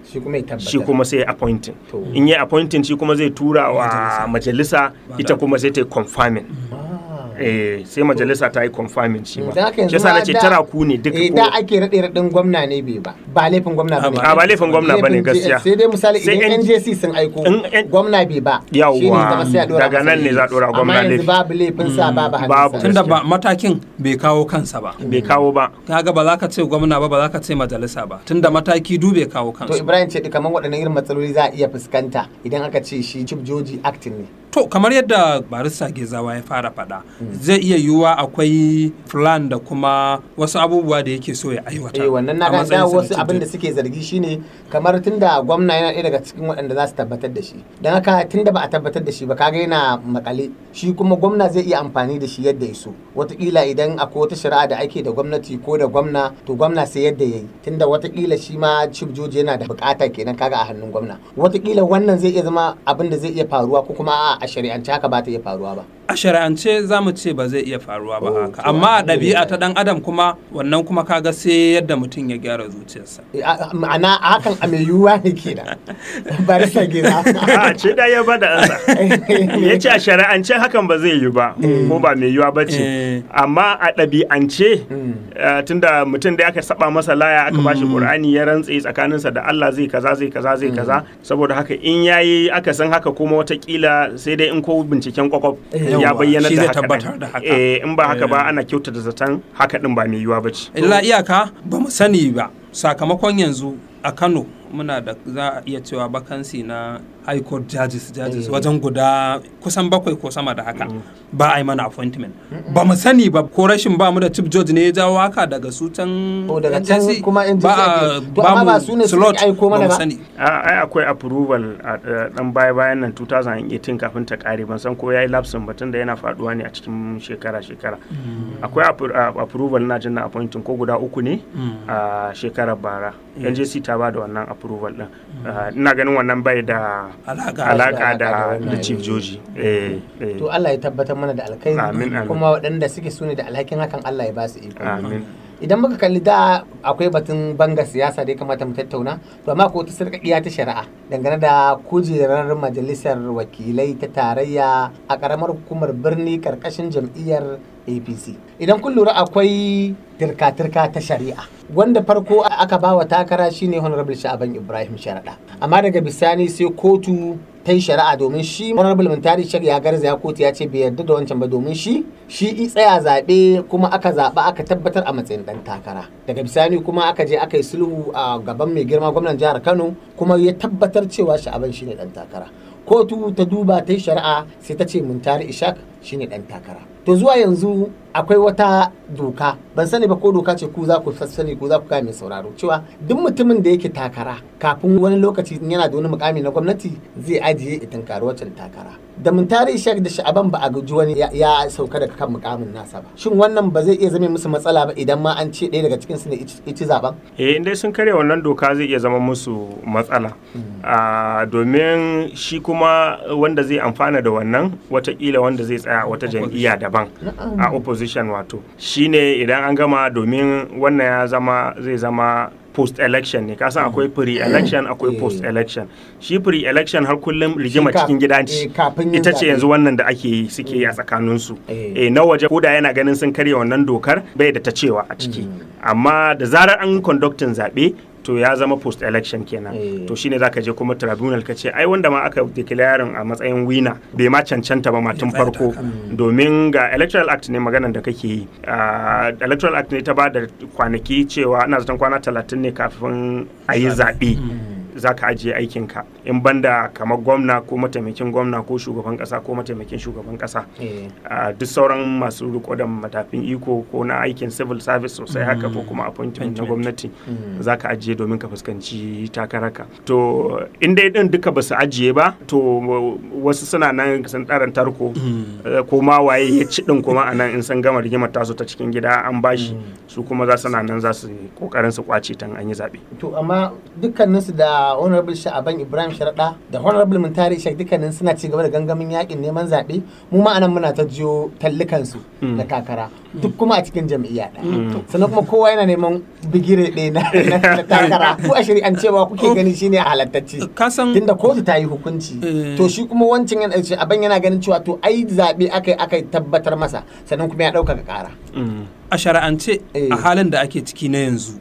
shi kuma sai appointing in yi appointing shi kuma zai tura wa majalisa ita kuma sai ta yi confirming mm. eh sai majalisa ta yi confirming shi ba shi yasa nace tara ku ne duk eh, da ake rade radin gwamna ne bai ba ba laifin gwamna bane a ah, ba laifin gwamna bane gaskiya sai dai misali idan NJC sun aiko gwamna bai ba yawa daga nan ne za dora gwamna ne amma yanzu babu laifin sa ba ba tunda ba matakin bai kawo kansa ba bai kawo ba kaga ba za ka ce gwamna ba ba za ka ce majalisa ba tunda mataki du bai kawo kansa to Ibrahim ce kamar waɗannan irin matsaloli za a iya fuskanta idan aka ce shi Chief Joji acting ne to kamar yadda barista Gezawa ya fara fada. zai iya yiwuwa akwai plan da kuma wasu abubuwa da yake so ya aiwata. Eh wannan na ga wasu abin da suke zargi shine kamar tunda gwamna yana ɗaya daga cikin waɗanda za su tabbatar da shi. Dan haka tunda ba a tabbatar da shi ba kaga yana makale shi kuma gwamna zai iya amfani da shi yadda ya so. Wataƙila idan akwai wata shari'a da ake da gwamnati ko da gwamna to gwamna sai yadda ya yi tunda wataƙila shi ma chief joji yana da buƙata kenan kaga a hannun gwamna. Wataƙila wannan zai iya zama abin da zai iya faruwa ko kuma a shari'ance haka ba ta iya faruwa ba. a shari'ance za mu ce ba zai iya faruwa ba oh, haka amma a ɗabi'a ta ɗan adam kuma wannan kuma kaga sai yadda mutum ya gyara zuciyarsa eh, ma'ana hakan a mai yiwuwa ne ke da sa gina a ce da ya bada ansa eh, eh, ya ce a shari'ance hakan ba zai yi ba ko ba mai yiwuwa ba ce amma a ɗabi'ance hmm. tunda mutum da aka saba masa laya aka shi hmm. qur'ani ya rantse tsakaninsa da Allah zai kaza zai kaza zai hmm. kaza saboda haka in yayi aka san haka kuma watakila sai dai in ko binciken kwakwaf ya bayyana da haka eh, in ba haka ba eh. ana kyautata zaton haka din ba mai yuwa ba ce illa iyaka ba mu sani ba sakamakon yanzu a kano muna da za a iya cewa bakansi na high court judges judges mm. wajen guda kusan bakwai ko sama da haka mm. ba a yi mana appointment ba mu sani ba ko rashin ba mu da chief judge ne ya jawo haka daga su can oh, ba ba mu slot ba mu sani ai akwai approval a eh, dan baya bayan nan 2018 kafin ta kare ban san ko yayi lapsin batun da yana faduwa ne a cikin shekara shekara mm. akwai approval na jin na appointment ko guda uku ne a shekarar bara eh. NJC ta ta ba da wannan approval din eh, ina ganin wannan bai da alaka da chief joji eh, eh. to Allah ya tabbatar mana da alkhairi kuma waɗanda suke su ne da alhakin hakan Allah ya ba su iko idan muka kalli da akwai batun banga siyasa da ya kamata mu tattauna to amma ko ta iya ta shari'a dangane da kujerar majalisar wakilai ta tarayya a karamar hukumar birni karkashin jam'iyyar apc idan kun lura akwai tirka-tirka ta shari'a wanda farko aka bawa wa takara shine honorable sha'aban ibrahim sharaɗa amma daga bisani sai kotu ta yi shari'a domin shi honorable muntari shari'a ya garzaya kotu ya ce bai yarda da wancan ba domin shi shi i tsaya zaɓe kuma aka zaɓa aka tabbatar a matsayin ɗan takara daga bisani kuma aka je aka yi sulhu a gaban mai girma gwamnan jihar kano kuma ya tabbatar cewa sha'aban shine ɗan takara kotu ta duba ta yi shari'a sai ta ce muntari ishak shine dan takara to zuwa yanzu akwai wata doka ban sani ba ko doka ce ku za ku sani ko za ku kame sauraro cewa duk mutumin da yake takara kafin wani lokaci yana da wani mukami na gwamnati zai ajiye itin karuwar takara da tarihi shek da sha'aban ba a guji wani ya sauka daga kan mukamin nasa ba shin wannan ba zai iya zama musu matsala ba idan ma an ce ɗaya daga cikin su ne ici zaben eh in dai sun karya wannan doka zai iya zama musu matsala hmm. ah, domin shi kuma wanda zai amfana da wannan watakila wanda zai tsaya wata jam'iyya daban a opposition wato shine idan an gama domin wannan ya zama zai zama post-election ne kasan mm. akwai pre-election mm. akwai eh. post-election shi pre-election har kullum rigima cikin gida eh, ita ce yanzu wannan da ake yi suke yi a mm. tsakaninsu eh. eh na waje ko da yana ganin sun karya wannan dokar bai da ta cewa a ciki amma da zarar an conducting zaɓe to ya zama post election kenan eh. to shine zaka je kuma tribunal ka ce ai wanda ma aka declare a matsayin wina bai ma cancanta ba ma tun farko domin ga electoral act ne maganan da kake yi electoral act ne ta ba da kwanaki cewa ana zaton kwana 30 ne kafin a yi zaɓe mm. za ka ajiye aikinka in banda kamar gwamna ko mataimakin gwamna ko shugaban kasa ko mataimakin shugaban kasa eh. duk sauran masu riko da matafin iko ko na aikin civil service sosai haka ko mm. kuma appointment na gwamnati mm. za ka ajiye domin ka fuskanci takaraka to in dai din duka ba su ajiye ba to wasu suna nan sun ɗaran tarko mm. eh, ko ma waye ya ci din kuma a nan in san gama rigimar tasu ta cikin gida an bashi su kuma za su na nan za su kokarin su kwace tan an yi zaɓe to amma dukkaninsu da honorable sha'aban ibrahim sharaɗa da honorable muntari shek dukkanin suna ci gaba da gangamin yakin neman zaɓe mu ma anan muna ta jiyo tallikansu da hmm. kakara duk kuma a cikin jam'iyya ɗaya hmm. sannan kuma kowa yana neman bigire ɗaya na takara. ku a shari'an cewa kuke gani shine a halattacci tunda kotu ta yi hukunci eh. to shi kuma wancan yana abin yana ganin cewa to ai zaɓe akai akai tabbatar masa sannan kuma ya ɗaukaka ƙara hmm. a shari'ance a eh. halin da ake ciki na yanzu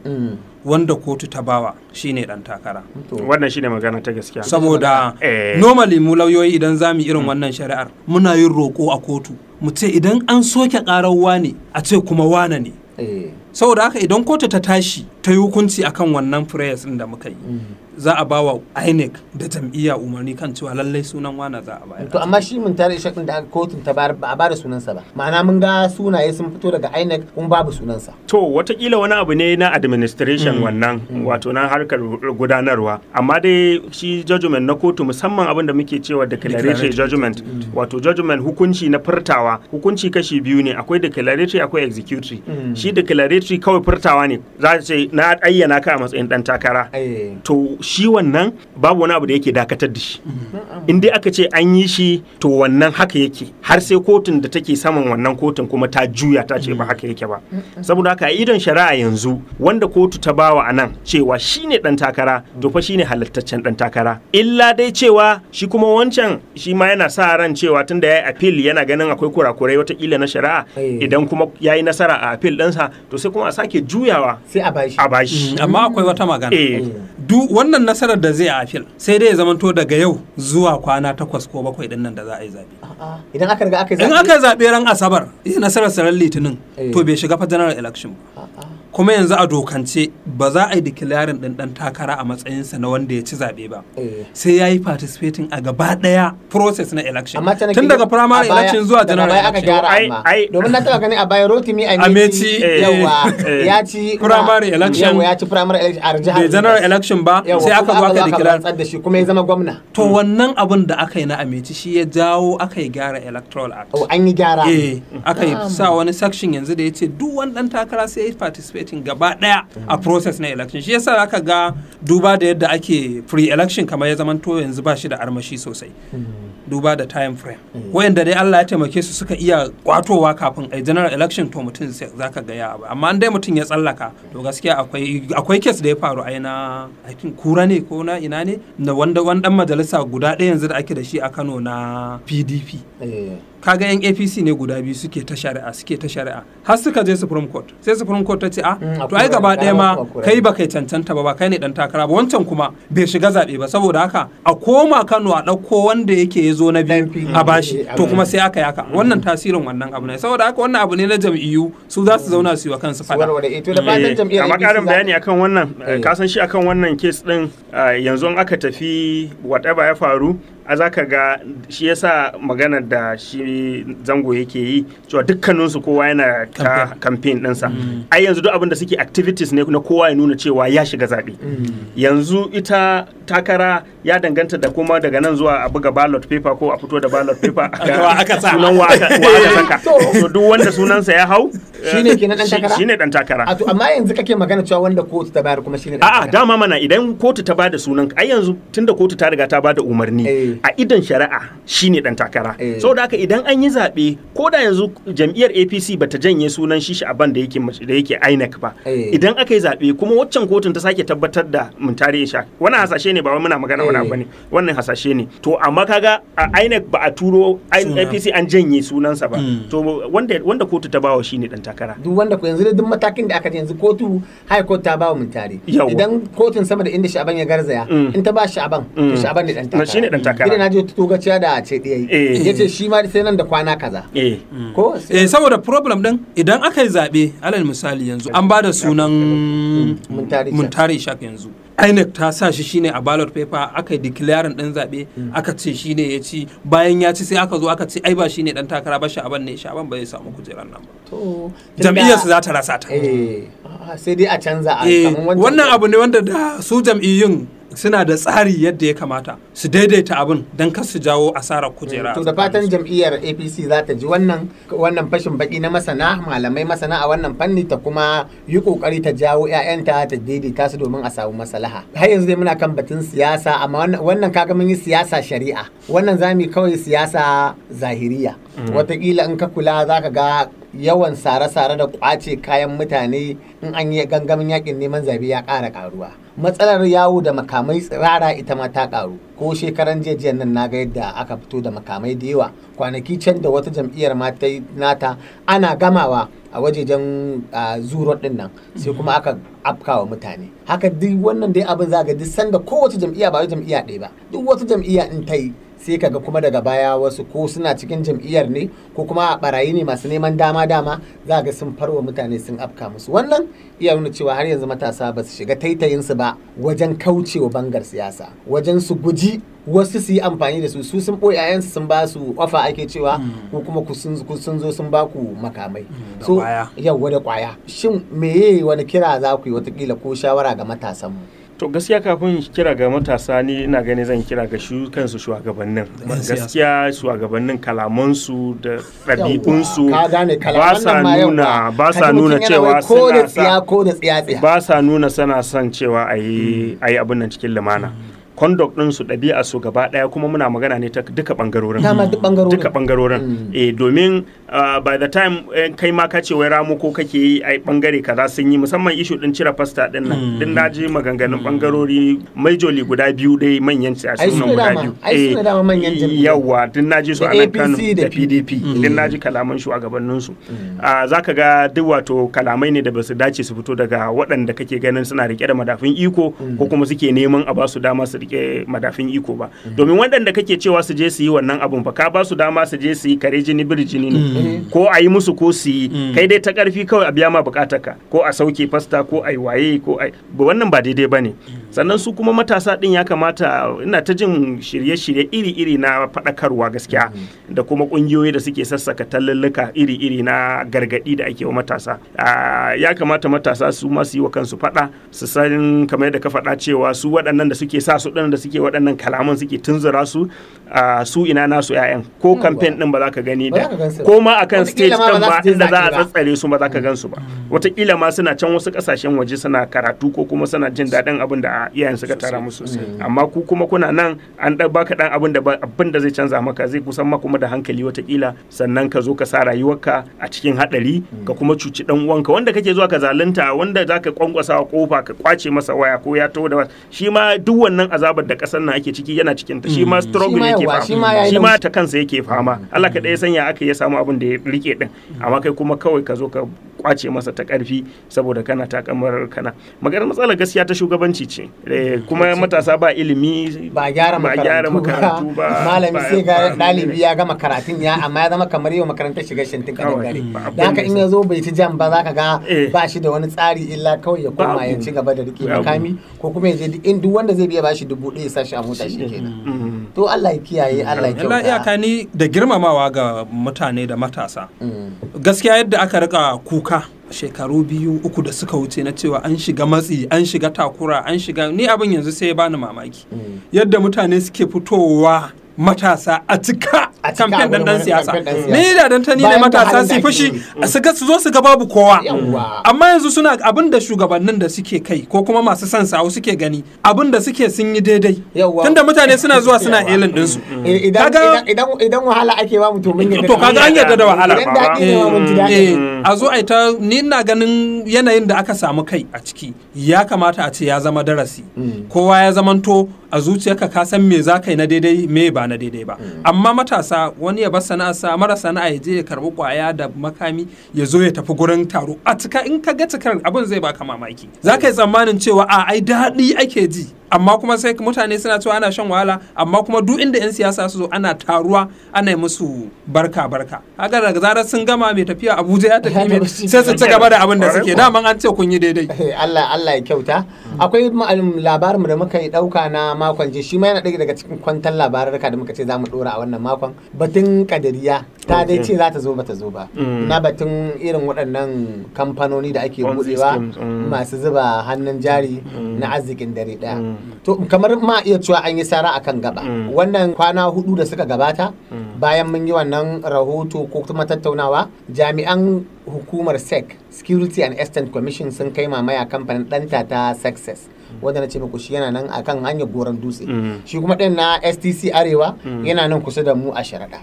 wanda kotu ta bawa shine dan takara wannan shine magana ta gaskiya saboda eh. normally mu lauyoyi idan zamu irin wannan shari'ar muna yin roko a kotu mu ce idan an soke ƙarar wane a ce kuma wane ne eh. saboda haka idan kotu ta tashi ta yi hukunci akan wannan prayers din da muka yi mm-hmm. za a bawa INEC da jam'iyya umarni kan cewa lallai sunan wana za a bayar to amma shi mun tare shek da kotun ta bayar ba a bada sunansa ba ma'ana mun ga sunaye sun fito daga INEC kuma babu sunansa to watakila wani abu ne na administration mm. wannan mm. wato na harkar gudanarwa amma dai shi judgment na kotu musamman abin da muke cewa declaratory judgment mm. wato judgment hukunci na furtawa hukunci kashi biyu ne akwai declaratory akwai executory shi declaratory ce kawai furtawa ne za ta ce na ayyana ka a matsayin dan takara eh. to shi wannan babu wani abu da yake dakatar da shi mm-hmm. in dai aka ce an yi shi to wannan haka yake har sai kotun da take saman wannan kotun kuma ta juya ta ce ba haka yake ba mm-hmm. saboda haka idon shari'a yanzu wanda kotu ta bawa a nan cewa shine dan takara to fa shine halattaccen dan takara illa dai cewa shi kuma wancan shi ma yana sa ran cewa tunda yayi appeal yana ganin akwai kurakurai wata kila na shari'a eh. idan kuma yayi nasara a appeal ɗinsa to sai kuma a sake juyawa sai a bashi a bashi mm, amma akwai wata magana eh. mm. duk wannan nasarar da zai afil sai dai ya zamanto daga yau zuwa kwana takwas ko bakwai din nan da za a yi zabe idan aka riga aka yi zabe in aka yi zabe ran asabar nasarar sarar litinin eh. to bai shiga fa general election ba kuma yanzu a dokance ba za a yi dikilarin ɗanɗan takara a matsayinsa na wanda ya ci zaɓe ba eh. sai ya yi participating a gaba ɗaya process na election tun daga primary election zuwa general election domin na taɓa gani a baya rotimi a meci eh. yawa eh. ya ci primary election ya ci primary election a jihar general election ba sai aka zo aka dikilarin da shi kuma ya zama gwamna to mm. wannan abin da aka yi na ameci shi ya jawo aka yi gyara electoral act oh, an yi gyara eh aka yi sa wani section yanzu da ya ce duk wani ɗan takara sai ya participating. participating gaba daya a process na election shi yasa aka ga duba da yadda ake pre-election kamar ya zamanto yanzu ba shi da armashi sosai duba da time frame mm. wayanda dai Allah ya taimake su suka iya kwatowa kafin a general election to mutum zaka ga ya ba amma dai mutum ya tsallaka to gaskiya akwai akwai case da ya faru a ina i think kura ne ko na ina ne na wanda wanda majalisa guda ɗaya yanzu da ake da shi a Kano na PDP kaga yan apc ne guda biyu suke ta shari'a suke ta shari'a har suka je supreme court sai supreme court ta ce a ah, mm, to ai gaba ɗaya ma kai ba kai cancanta ba ba kai ne dan takara ba wancan kuma bai shiga zaɓe ba saboda haka a koma kano a ɗauko wanda yake ya zo na biyu a bashi to kuma sai aka yaka mm. wannan tasirin wannan abu ne saboda haka wannan abu ne na jam'iyyu su za su mm. zauna su yi wa kansu fada eh, eh, amma karin bayani akan wannan eh. kasan shi akan wannan kes din ah, yanzu aka tafi whatever ya faru a za ka ga shi yasa magana da shi zango yake yi cewa dukkaninsu kowa yana ta campaign ɗinsa mm. ai yanzu duk abin da suke activities ne na kowa ya nuna cewa ya shiga zaɓe mm. yanzu ita takara ya danganta da kuma daga nan zuwa a buga ballot paper ko a fito da ballot paper A aka sunan wa aka saka to duk wanda sunansa ya hau shine ke na dan takara shine dan takara to amma yanzu kake magana cewa wanda kotu ta bayar kuma shine a'a dama mana idan kotu ta bada sunan ai yanzu tunda kotu ta riga ta bada umarni eh. a idan shari'a shine dan takara eh. saboda haka idan an yi zaɓe ko da yanzu jam'iyyar apc ba ta janye sunan shi aban da yake da yake inec ba eh. idan aka yi zaɓe kuma waccan kotun ta sake tabbatar da muntari isha wannan hasashe ne ba wai muna magana wani abu eh. ne wannan hasashe ne to amma kaga a inec ba a turo apc an janye sunansa ba hmm. to wanda wanda kotu ta bawa shine dan takara duk wanda ku yanzu duk matakin da aka yanzu kotu high court ta bawa muntari idan kotun sama da inda sha'aban ya garzaya hmm. in ta ba sha'aban to hmm. sha'aban ne takara dan takara gida na je togaciya da ce ɗaya yi eh. shi ma sai nan da kwana kaza eh. ko eh saboda problem din idan aka yi zaɓe alal misali yanzu an ba da sunan muntari shak yanzu INEC ta sa shi shine a ballot paper aka yi declaring din zaɓe hmm. aka ce shine ya ci bayan ya ci sai aka zo aka ce ai ba ne ɗan takara ba sha'aban ne sha'aban ba zai samu kujerar nan ba Jam'iyyar su za ta rasa ta eh. ah, sai dai a canza a wannan abu ne wanda da su jam'iyyun suna da tsari yadda ya kamata su daidaita abin don kar su jawo asarar mm, kujera. To da fatan jam'iyyar APC za ta ji wannan fashin baki na masana malamai masana a wannan fanni ta kuma yi kokari ta jawo 'ya'yanta ta daidaita su domin a samu maslaha. Har yanzu dai muna kan batun siyasa amma wannan kaga mun yi siyasa shari'a wannan zamu kawai siyasa zahiriya. Mm. Wataƙila in ka kula za ka ga yawan sare-sare da kwace kayan mutane in an yi gangamin yakin neman zabe ya ƙara ƙaruwa. matsalar yawo da makamai tsirara ita ma ta karu ko shekaran jiya nan na ga yadda aka fito da makamai da yawa kwanaki can da wata jam'iyyar ma nata ana gamawa a wajejen zuro din nan sai kuma aka afkawa mutane haka duk wannan dai abin zaga duk sanda kowace jam'iyya ba jam'iyya ɗaya ba duk wata jam'iyya in ta yi sai kaga kuma daga baya wasu ko suna cikin jam'iyyar ne ko kuma barayi ne masu neman dama dama za ga sun farwa mutane sun afka musu wannan iya nuna cewa har yanzu matasa ba su shiga su ba wajen kaucewa bangar siyasa wajen su guji wasu su yi amfani da su su sun ɓoye yayansu sun ba su ofa ake cewa mm. ko kuma ku sun zo sun ba ku makamai mm, so yawa da kwaya shin meye wani kira za ku yi watakila ko shawara ga matasanmu to gaskiya kafin kira ga matasa ne ina gani zan kira ga shi kansu shugabannin gaskiya shugabannin kalamansu da ɗabi'unsu ba sa nuna ba sa nuna cewa ba sa nuna sana son cewa a yi abin nan cikin lumana hmm. kondok din su ɗabi'a su gaba ɗaya kuma muna magana ne ta duka ɓangarorin. duka ɓangarorin mm. eh domin uh, by the time eh, kai ma ka ce wai ramu ko kake yi ai ɓangare kaza sun yi musamman issue din cire fasta din nan mm. din na je maganganun Mai joli guda biyu dai manyan siyasun nan guda biyu eh yawa din na ji su anan kan da PDP mm. din na ji kalaman shugabannin su ah, Za ka ga duk wato kalamai ne da ba su dace su fito daga waɗanda kake ganin suna rike da madafin iko ko kuma suke neman a ba su dama su rike madafin iko ba domin waɗanda kake cewa su je su yi wannan abun fa ka ba su dama su je su yi kare jini bir jini ne mm. eh. ko a yi musu ko su yi mm. kai dai ta ƙarfi kawai a biya ma ka ko a sauke fasta ko a yi waye ko a wannan ba daidai ba ne sannan su kuma matasa din ya kamata ina ta jin shirye-shirye iri-iri na faɗakarwa gaskiya da kuma ƙungiyoyi da suke sassaka tallalluka iri-iri na gargaɗi da ake wa matasa ya kamata matasa su ma su yi wa kansu faɗa su san kamar yadda ka faɗa cewa su waɗannan da suke sa su waɗanda suke waɗannan kalaman suke tunzura su a su ina nasu 'ya'yan ko kamfen din ba za ka gani da ko ma kan stage ɗin ba inda za a tsatsare su ba za ka gan su ba mm. watakila ma suna can wasu ƙasashen waje suna karatu ko kuma suna jin daɗin abin da iyayen suka tara musu mm. amma ku kuma kuna nan an ɗan baka ɗan abin da abin da zai canza maka zai kusan ma kuma da hankali watakila sannan ka zo ka sa rayuwarka a cikin haɗari mm. ka kuma cuci ɗan uwanka wanda kake zuwa ka zalunta wanda za ka kwankwasa kofa ka kwace masa waya ko ya taho da shi ma duk wannan azabar da kasar nan ake ciki yana cikin ta shi ma struggle yake fama shi ma ta kansa yake fama Allah ka ya sanya aka ya samu abin da ya rike din amma kai kuma kawai ka zo ka kwace masa ta karfi saboda kana takamar kana maganar matsalar gaskiya ta shugabanci ce eh, hmm, kuma matasa ba ilimi ba gyara makarantu ba malami sai ga dalibi ya gama karatun ya amma ya zama kamar yau makaranta shiga shintin kanin gari da haka in ya zo bai ci jam ba za ka ga eh. ba shi da wani tsari illa kawai ya koma ya ci gaba da rike makami ko kuma ya je duk wanda zai biya ba shi dubu ɗaya sashi a mota shi kenan mm-hmm. to Allah ya kiyaye Allah ya mm-hmm. kyauta Allah iyaka ni da girmamawa ga mutane da matasa mm. gaskiya yadda aka rika kuka shekaru biyu uku da suka wuce na cewa an shiga matsi an shiga takura an shiga ni abin yanzu sai ya bani mamaki mm. yadda mutane suke fitowa matasa a cika kamfen dandan siyasa ni da dan tani ne matasa su fushi su ga su zo su ga babu kowa amma yanzu suna abin da shugabannin da suke kai ko kuma masu son sawo suke gani abin da suke sun yi daidai tunda mutane suna zuwa suna elin din su idan idan wahala ake ba mutum mun to kaga an yadda da wahala eh, eh, a zo ai ta ni ina ganin yanayin da aka samu kai a ciki ya kamata a ce ya zama darasi mm. kowa ya zamanto a zuciyarka ka san me za ka yi na daidai me ba na daidai ba mm. amma matasa wani ya bar sana'a sa mara sana'a ya je ya karbi kwaya da makami ya zo ya tafi gurin taro a cika in ka ga cikar abin zai baka mamaki za ka yi tsammanin cewa a ai daɗi ake ji amma kuma sai mutane suna cewa ana shan wahala amma kuma duk inda 'yan siyasa su zo ana taruwa ana yi musu barka barka haka daga zarar sun gama mai tafiya abuja ya tafi mai sai su ci gaba da abin da suke daman an ce kun yi daidai eh, allah allah ya kyauta akwai um, labarin mu da muka yi dauka na makon je shi ma yana ɗaya daga cikin kwantar labararka da muka ce za mu dora a wannan makon batun kadiriya ta dai ce za ta zo ba ta zo ba mm. na batun irin waɗannan kamfanoni da ake buɗewa mm. masu zuba hannun jari mm. na arzikin dare ɗaya to kamar ma iya cewa an yi sara kan gaba mm. wannan kwana hudu da suka gabata mm. bayan mun yi wannan rahoto ko kuma tattaunawa jami'an hukumar sec security and extent commission sun kai mamaya kamfanin danta ta success mm. wanda na ce muku shi yana nan akan hanyar goron dutse shi kuma din na stc arewa yana nan kusa da mu a sharaɗa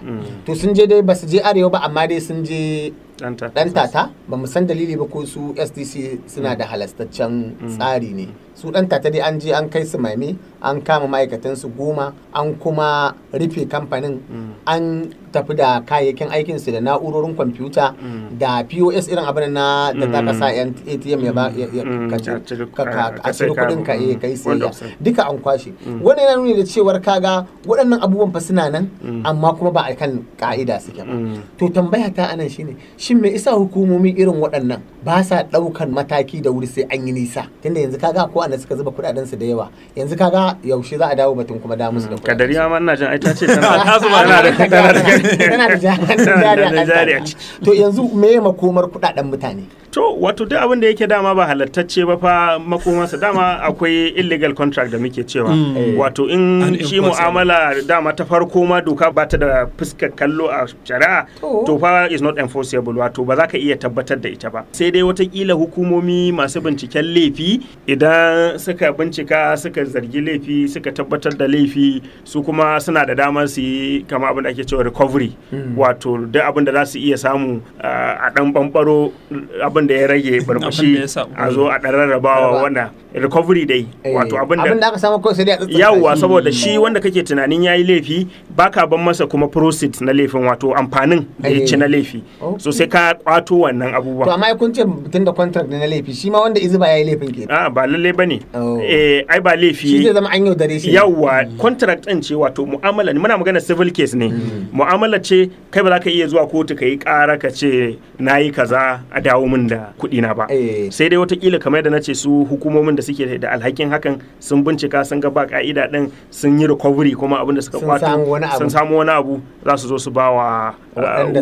to sun je dai ba su je arewa ba amma dai sun je dan tata ba mu san dalili ba ko su sdc suna mm. da halastaccen mm. tsari ne su dan tata dai an je an kai su maime an kama ma'aikatan su goma an kuma rufe kamfanin mm. an tafi da kayayyakin aikin su da na'urorin kwamfuta da pos irin abin na da ta kasa atm ya ba ka cire kudin ka eh kai sayya duka an kwashe wani yana nuni da cewar kaga waɗannan abubuwan fa suna nan amma kuma ba a kan ka'ida suke ba to tambaya ta anan shine shi shin me isa hukumomi irin waɗannan ba sa ɗaukan mataki da wuri sai an yi nisa tunda yanzu kaga ko ana suka zuba kuɗaɗen su da yawa yanzu kaga yaushe za a dawo batun kuma da musu da kuɗi kadari ma ina jin ai ta ce tana ta zuba tana da tana da tana da jari a ciki to yanzu me makomar kuɗaɗen mutane to wato duk abin da yake dama ba halattacce ba fa sa dama akwai illegal contract da muke cewa mm. eh. wato in shi mu'amala dama ta farko ma doka ba ta da fuskar kallo a shari'a to fa is not enforceable wato ba za ka iya tabbatar da ita ba sai dai watakila hukumomi masu binciken laifi idan suka bincika suka zargi laifi suka tabbatar da laifi su kuma suna da damar su yi kama abin da ake cewa recovery hmm. wato duk abin da za su iya samu a dan bambaro abin da ya rage barbashi a zo a dan rarrabawa wanda recovery dai eh, wato abin da aka samu ko sai yawwa saboda hmm. shi wanda kake tunanin yayi laifi baka ban masa kuma proceeds na laifin wato amfanin da ya eh. ci na laifi so sai ka kwato wannan abubuwan to amma kun ce mutum da contract na laifi shi ma wanda izuba yayi laifin ke Ah ba lalle bane oh. eh ai ba laifi shi zai zama an yau dare shi yawa hmm. contract din ce wato mu'amala ne muna magana civil case ne hmm. mu'amala ce kai ba za ka iya zuwa kotu ka yi ƙara ka ce nayi kaza a dawo min da kuɗi na ba eh. sai dai watakila kamar yadda na ce su hukumomin da suke da alhakin hakan sun bincika sun ga ba ka'ida din sun yi recovery kuma abin da suka kwato sun samu wani abu za su zo su ba wa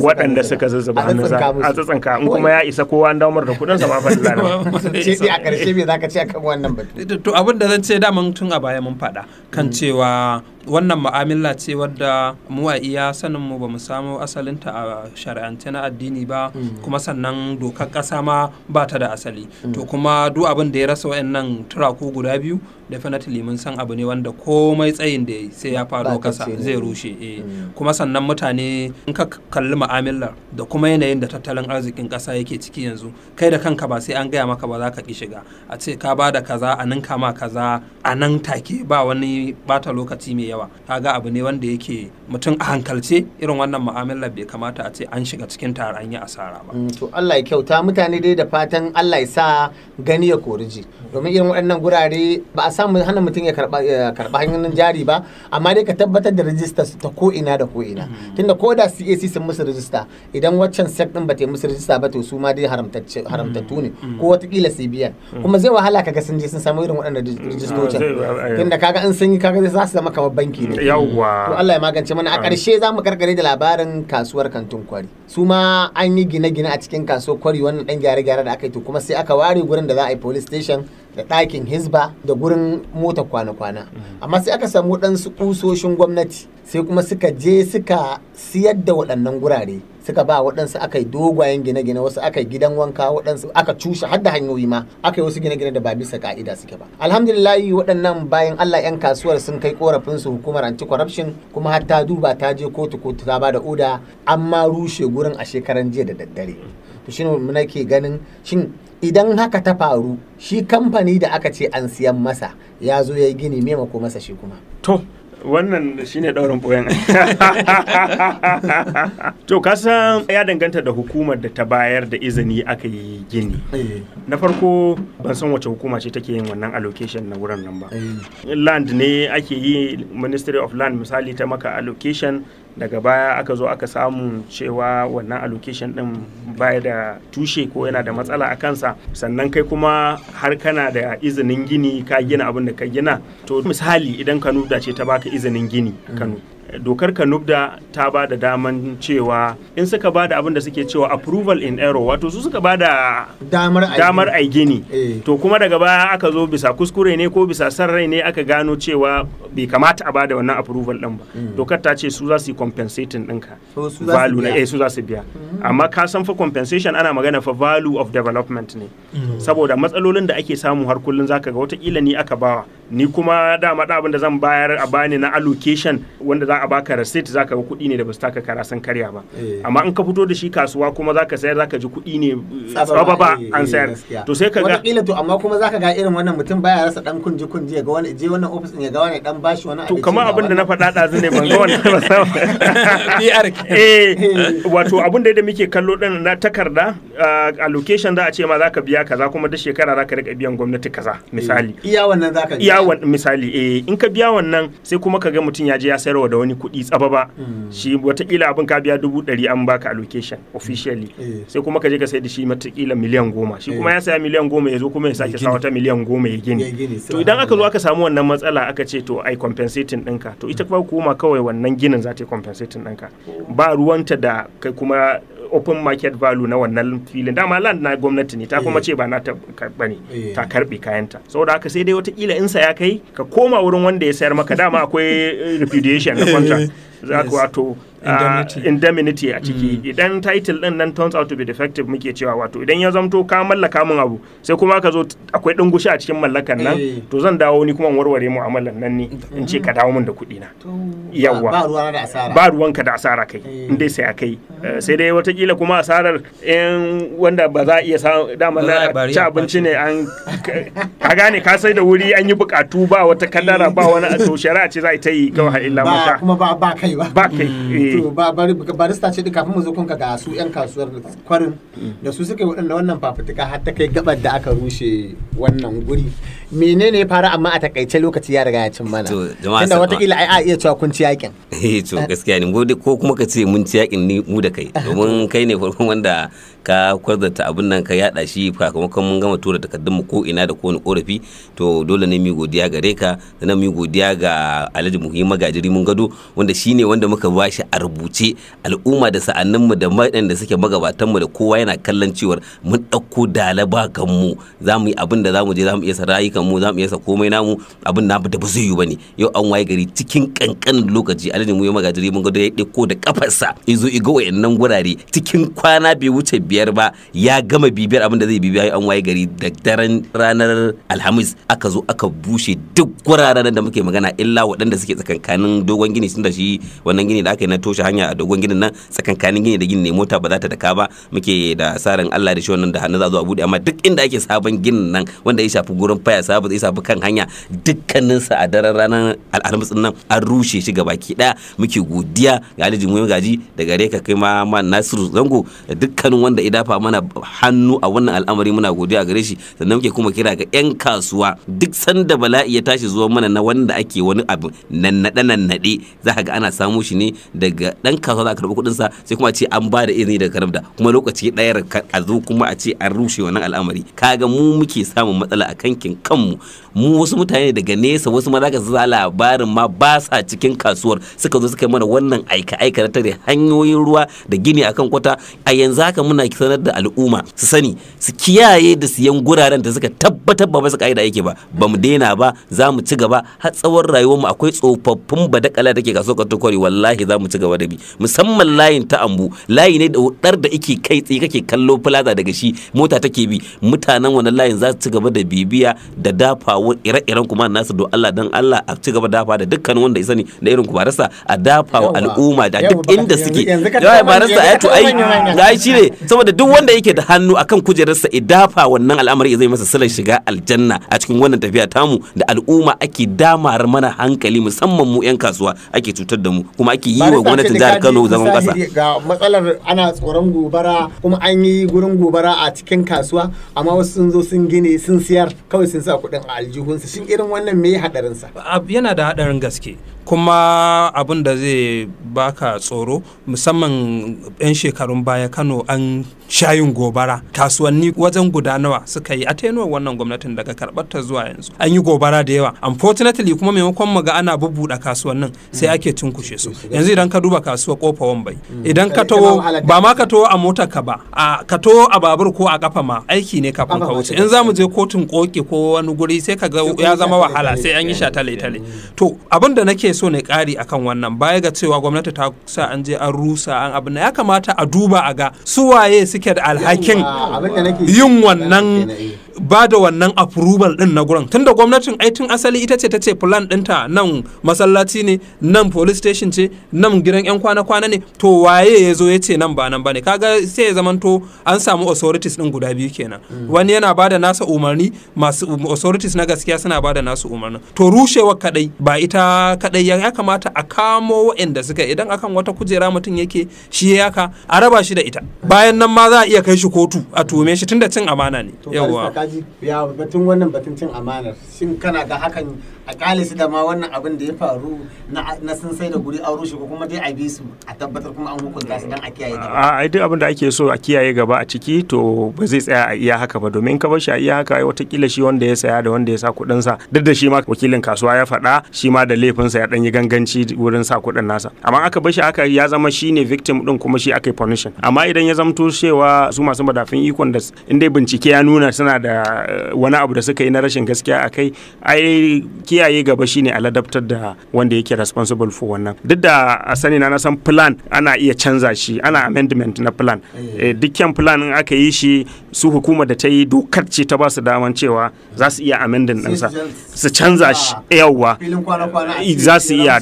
waɗanda uh, suka zazzaba hannu za a tsatsanka in kuma ya isa kowa an dawo da kuɗin sama fa da ce a ƙarshe me zaka ce akan wannan batu to abin da zan ce daman tun a baya mun faɗa kan mm. cewa wannan ma'amala ce wadda mu a iya sanin mu ba bamu samu asalinta a shari'ance na addini ba mm. kuma sannan dokar ƙasa ma ba ta da asali mm. to kuma duk abin da ya rasa wayannan turaku guda biyu definitely mun san abu ne wanda komai tsayin da sai ya faɗo ƙasa zai rushe eh. mm. kuma sannan mutane in ka kalli ma'amalar da kuma yanayin da tattalin arzikin ƙasa yake ciki yanzu kai da kanka ba sai an gaya maka ba za ka ki shiga a ce ka ba da kaza a ninka ma kaza a nan take ba wani bata lokaci mai yawa kaga abu ne wanda yake mutum a hankalce irin wannan mu'amala bai kamata a ce an shiga cikin tare an yi asara ba mm, to Allah ya kyauta mutane dai da fatan Allah ya sa gani ya ji domin irin waɗannan gurare ba a samu hana mutum ya karba hanyar jari ba amma dai ka tabbatar da rijista ta ko ina da ko ina mm. tunda ko da CAC sun musu rijista idan waccan sec din ba ta musu rijista ba to su ma dai mm. haramtattu ne ko watakila CBN kuma zai wahala kaga sun je sun samu irin waɗannan rijistocin ah, eh. tunda kaga in sun yi kaga za su zama kamar banki ne yawwa to Allah ya magance mana a ƙarshe za mu karkare da labarin kasuwar kantin kwari su ma an yi gine-gine a cikin kasuwar kwari wannan ɗan gyare-gyare da aka yi to kuma sai aka ware gurin da za a yi police station da ɗakin hisba da gurin mota kwana-kwana amma sai aka samu waɗansu ƙusoshin gwamnati sai kuma suka je suka siyar da waɗannan gurare suka ba waɗansu aka yi dogayen gine-gine wasu aka yi gidan wanka waɗansu aka cushe har da hanyoyi ma aka yi wasu gine-gine da ba bisa ka'ida suke ba alhamdulillahi waɗannan bayan Allah 'yan kasuwar sun kai korafin su hukumar anti corruption kuma har ta duba ta je kotu kotu ta ba da oda an ma rushe gurin a shekaran jiya da daddare to shine nake ganin shin idan haka ta faru shi kamfani da aka ce an siyan masa ya zo ya yi gini maimako masa shi kuma to wannan shine ɗaurin boyan to kasan ya danganta da hukumar da ta bayar da izini aka yi gini eh. na farko ban san wace hukuma ce take yin wannan allocation na wurin nan ba eh. land ne ake yi ministry of land misali ta maka allocation daga baya aka zo aka samu cewa wannan allocation din baya da tushe ko yana da matsala a kansa sannan kai kuma har kana da izinin gini ka gina abin da ka gina to misali idan kanu da ce ta baka izinin gini kanu dokar kanubda ta ba da daman cewa in suka ba da abin da suke cewa approval in error wato su suka ba da damar ai gini eh. to kuma daga baya aka zo bisa kuskure ne ko bisa san rai ne aka gano cewa bai kamata a ba da wannan approval din ba hmm. dokar ta ce su za su yi compensating ɗinka eh, su za su biya hmm. amma ka san fa compensation ana magana fa value of development ne hmm. saboda matsalolin da ake samu har kullun zaka ga watakila ni aka bawa ni kuma dama da abin da zan bayar a bani na allocation wanda za a baka receipt zaka ga kuɗi ne da ba su taka kara san karya ba eh. amma in ka fito da shi kasuwa kuma zaka sayar zaka ji kuɗi ne eh, ba ba eh, an sayar to sai ka ga wataƙila to amma kuma zaka ga irin wannan mutum baya rasa dan kunji kunji ya ga wani je wannan office ya ga wani dan bashi wani to kamar abin da na faɗa ɗazu ne ban ga wani ba sa eh wato abin da muke kallo din na takarda allocation za a ce ma zaka biya kaza kuma duk shekara zaka rika biyan gwamnati kaza misali iya wannan zaka iya misali eh in ka biya wannan sai kuma ka ga mutum ya je ya sayarwa da wani wani kuɗi tsaba ba hmm. shi watakila abin ka biya dubu ɗari an baka allocation officially hmm. eh. sai kuma ka je ka sai da shi matakila miliyan goma shi kuma eh. ya saya miliyan goma ya zo kuma ya sake sa ta miliyan goma ya gini to idan aka zo aka samu wannan matsala aka ce to ai compensating ɗinka to ita kuma hukuma kawai wannan ginin za ta yi compensating ɗinka ba ruwanta da kai kuma open market value na wannan filin dama land na gwamnati ne ta kuma eh. ce ba na eh. ta bane ta karɓe kayanta saboda haka sai dai watakila in ya kai ka koma wurin wanda ya sayar maka dama akwai eh, repudiation na contract za ka wato Ah, indemnity a ciki hmm. idan title din nan turns out to be defective muke cewa wato idan ya zamto ka mallaka mun abu sai kuma ka zo akwai dingushi a cikin mallakan nan eh. to zan dawo ni kuma warware mu'amalan nan ne in ce ka dawo mun da kuɗi na yawa ba ruwan ka da asara kai eh. in dai sai akai eh, sai dai watakila kuma asarar in wanda ba za a iya samu dama na ci abinci ne an ka gane ka sai da wuri an yi bukatu ba wata kadara ba wani to shari'a ce za a yi ta yi kawai illa ba kuma ba kai ba ba kai hmm. Eh. to barista ce kafin mu zo kunka ga su 'yan kasuwar kwarin mm. da su suka yi waɗanda wannan fafutuka har ta kai gabar da aka rushe wannan guri menene fara amma a takaice lokaci ya riga ya cin mana tunda watakila ai a iya cewa kun ci yakin eh to gaskiya ne ko kuma ka ce mun ci yakin ni mu da kai domin kai ne farkon wanda ka kwarzata abin nan ka yada shi sakamakon mun gama tura takardun mu ko ina da kowane korafi to dole ne mu godiya gare ka sannan mu godiya ga Alhaji Muhimmi Magajiri mun gado wanda shine wanda muka ba shi a rubuce al'umma da sa'annin mu da da suke magabatan mu da kowa yana kallon cewar mun dauko dalaba za mu yi abin da mu je za mu iya sa kan mu za mu yasa komai namu abin na da ba zai yi ne yau an waye gari cikin kankanin lokaci alhaji mu ya magajiri mun ga da ya ɗauko da kafarsa izo iga wayannan gurare cikin kwana bai wuce biyar ba ya gama bibiyar abin da zai bibiya an waye gari da daren ranar alhamis aka zo aka bushe duk guraren da muke magana illa waɗanda suke tsakankanin dogon gini sun da shi wannan gini da aka yi na toshe hanya a dogon ginin nan tsakankanin gini da gini ne mota ba za ta daka ba muke da sarin Allah da shi wannan da hannu za zo a bude amma duk inda ake sabon ginin nan wanda ya shafi gurin faya sabu zai sabu kan hanya dukkaninsa a daren ranar alhamis nan an rushe shi ki daya muke godiya ga alhaji gaji da gare ka kai ma nasiru zango da dukkanin wanda ya dafa mana hannu a wannan al'amari muna godiya gare shi sannan muke kuma kira ga 'yan kasuwa duk sanda bala'i ya tashi zuwa mana na wanda ake wani abu nannaɗe nannaɗe za ka ga ana samu shi ne daga ɗan kasuwa za a karɓi sa sai kuma a ce an ba da izini daga karamda kuma lokaci ɗaya a zo kuma a ce an rushe wannan al'amari ka ga mu muke samun matsala a kankin kan kanmu mu wasu mutane daga nesa wasu ma zaka za labarin ma ba sa cikin kasuwar suka zo suka yi mana wannan aika aika na tare hanyoyin ruwa da gini akan kwata a yanzu haka muna sanar da al'umma su sani su kiyaye da siyan guraren da suka tabbatar ba ba su ka'ida yake ba ba mu daina ba za mu ci gaba har tsawon rayuwar mu akwai tsofaffin badakala da ke kasuwar kwata kwari wallahi za mu ci gaba da bi musamman layin ta ambu layi ne da dar da ike kai tsaye kake kallo plaza daga shi mota take bi mutanen wannan layin za su ci gaba da bibiya da da dafa ire-iren kuma nasu don Allah dan Allah a ci gaba dafa da dukkan wanda ya sani da irin rasa a dafa wa al'umma da duk inda suke yawa barasa eh ai to ai shi ne saboda duk wanda yake da hannu akan kujerarsa ya dafa wannan al'amari zai masa silar shiga aljanna a cikin wannan tafiya tamu da al'umma ake damar mana hankali musamman mu 'yan kasuwa ake cutar da mu kuma ake yi wa gwamnatin jihar Kano zaman kasa ga matsalar ana tsoron gobara kuma an yi gurin gobara a cikin kasuwa amma wasu sun zo sun gine sun siyar kawai sun sa kuɗin a aljihunsa shin irin wannan me hadarinsa yana da hadarin gaske kuma abin da zai baka tsoro musamman 'yan shekarun baya kano an shayin gobara kasuwanni wajen guda nawa suka yi a tainuwa wannan gwamnatin daga karɓar ta zuwa yanzu an yi gobara da yawa unfortunately kuma maimakon mu ga ana kasuwannin sai hmm. ake tunkushe su yanzu idan ka duba kasuwar kofa wambai hmm. idan ka eh, taho ba ma ka taho a mota ka ba a ka taho a babur ko a kafa ma aiki ne kafin ka wuce in za mu je kotun koke ko wani guri sai ka ga ya zama wahala sai an yi sha tale tale to abin da nake so ne ƙari akan wannan baya ga cewa gwamnati ta sa an je an rusa an abin ya kamata a duba a ga su waye suke da alhakin yin wannan eh. ba da wannan approval din na gurin tunda gwamnatin tun asali ita ce ta ce plan dinta nan masallaci ne nan police station ce nan gidan yan kwana-kwana ne to waye ya zo ya ce nan ba nan ba kaga sai ya zamanto an samu authorities din guda biyu kenan mm. wani yana bada nasa umarni masu um, authorities na gaskiya suna ba da nasu umarni to rushewa kadai ba ita kadai ya kamata a kamo waɗanda suka idan akan wata kujera mutum yake shi ya ka a raba shi da ita mm. bayan nan ma za a iya kai shi kotu a tume shi tunda cin amana ne yawwa ya batun wannan batun cin amanar shin kana ga hakan a kale su da ma wannan abin da ya faru na sun sai da guri an rushe ko kuma dai a bi su a tabbatar kuma an hukunta su dan a kiyaye gaba a duk abin da ake so a kiyaye gaba a ciki to ba zai tsaya a iya haka ba domin ka bar shi a iya haka wataƙila shi wanda ya saya da wanda ya sa kuɗin sa duk da shi ma wakilin kasuwa ya faɗa shi ma da laifin sa ya dan yi ganganci wurin sa kuɗin nasa amma aka bar shi haka ya zama shi ne victim din kuma shi aka yi punishing amma idan ya zamto cewa su masu madafin ikon da in bincike ya nuna suna da eh, wani abu da suka yi na rashin gaskiya akai ai iyaye gaba shine a ladabtar da wanda yake responsible for wannan duk da a sani na san plan ana iya canza shi ana amendment na plan eh. eh, dukkan plan in aka yi shi su hukumar da ta yi dokar ce ta ba su daman cewa za su iya amendin ɗansa su canza shi yawwa za su iya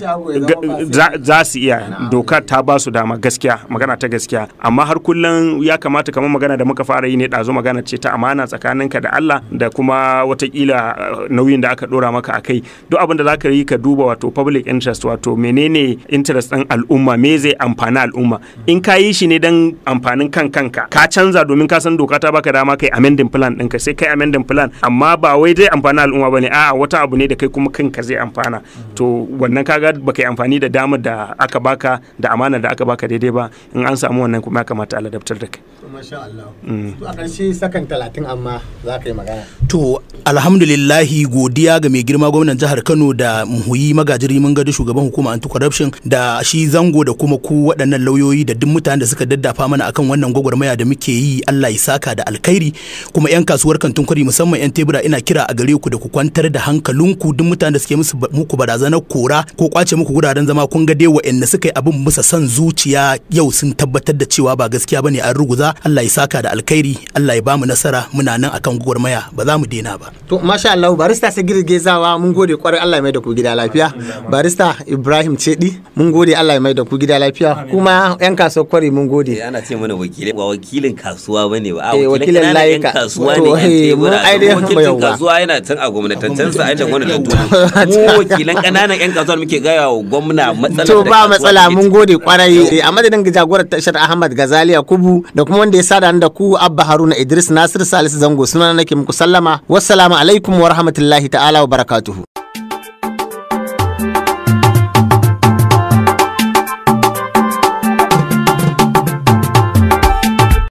za su iya dokar ta ba su dama gaskiya magana ta gaskiya amma har kullum ya kamata kamar magana da muka fara yi ne ɗazu magana ce ta amana tsakaninka da Allah da kuma watakila eh, nauyin da aka ɗora maka a kai duk abin da za ka yi ka duba wato public interest wato menene interest ɗin al'umma me zai amfani al'umma in ka yi shi ne don amfanin kan kanka ka canza domin ka san doka ta ba baka dama kai amending plan ka sai kai amending plan amma ba wai dai amfana al'umma bane a'a wata abu ne da kai kuma kanka zai amfana to wannan kaga baka yi amfani da damar da aka baka da amana da aka baka daidai ba in an samu wannan kuma ya kamata a ladabtar da kai masha Allah mm. to a ƙarshe sakan 30 amma za ka yi magana to alhamdulillahi godiya ga mai girma gwamnan jihar Kano da muhuyi magajiri mun gadi shugaban hukuma anti corruption da shi zango da kuma ku waɗannan lauyoyi da duk mutanen da suka daddafa mana akan wannan gwagwarmaya da muke yi Allah ya saka da alkhairi kuma 'yan kasuwar kantin kwari musamman 'yan tebura ina kira a gare ku da ku kwantar da hankalinku duk mutanen da suke musu muku barazanar kora ko kwace muku guraren zama kun ga dai wa'anda suka yi abin musa son zuciya yau sun tabbatar da cewa ba gaskiya bane an ruguza Allah ya saka da alkhairi Allah ya bamu nasara muna nan akan gwagwarmaya ba za mu daina ba to masha Allah barista sai zawa mun gode kwarai Allah ya mai da ku gida lafiya barista Ibrahim Cedi mun gode Allah ya mai da ku gida lafiya kuma yan kasuwar kwari mun gode eh, ana ce mana wakili ba wakilin kasuwa bane ba a eh, wakilin layuka kasuwa ne yan tebura wakilcin kasuwa yana can a gwamnatancen sa ainihin wani tattuwa mu wakilan kananan yan kasuwa muke gaya wa gwamna matsalar to ba matsala mun gode kwarai eh, a madadin jagorar tashar Ahmad Gazaliya Kubu da kuma wanda ya sada da ku Abba Haruna Idris Nasir Salisu Zango suna nake muku sallama wassalamu alaikum wa rahmatullahi ta'ala wa barakatuhu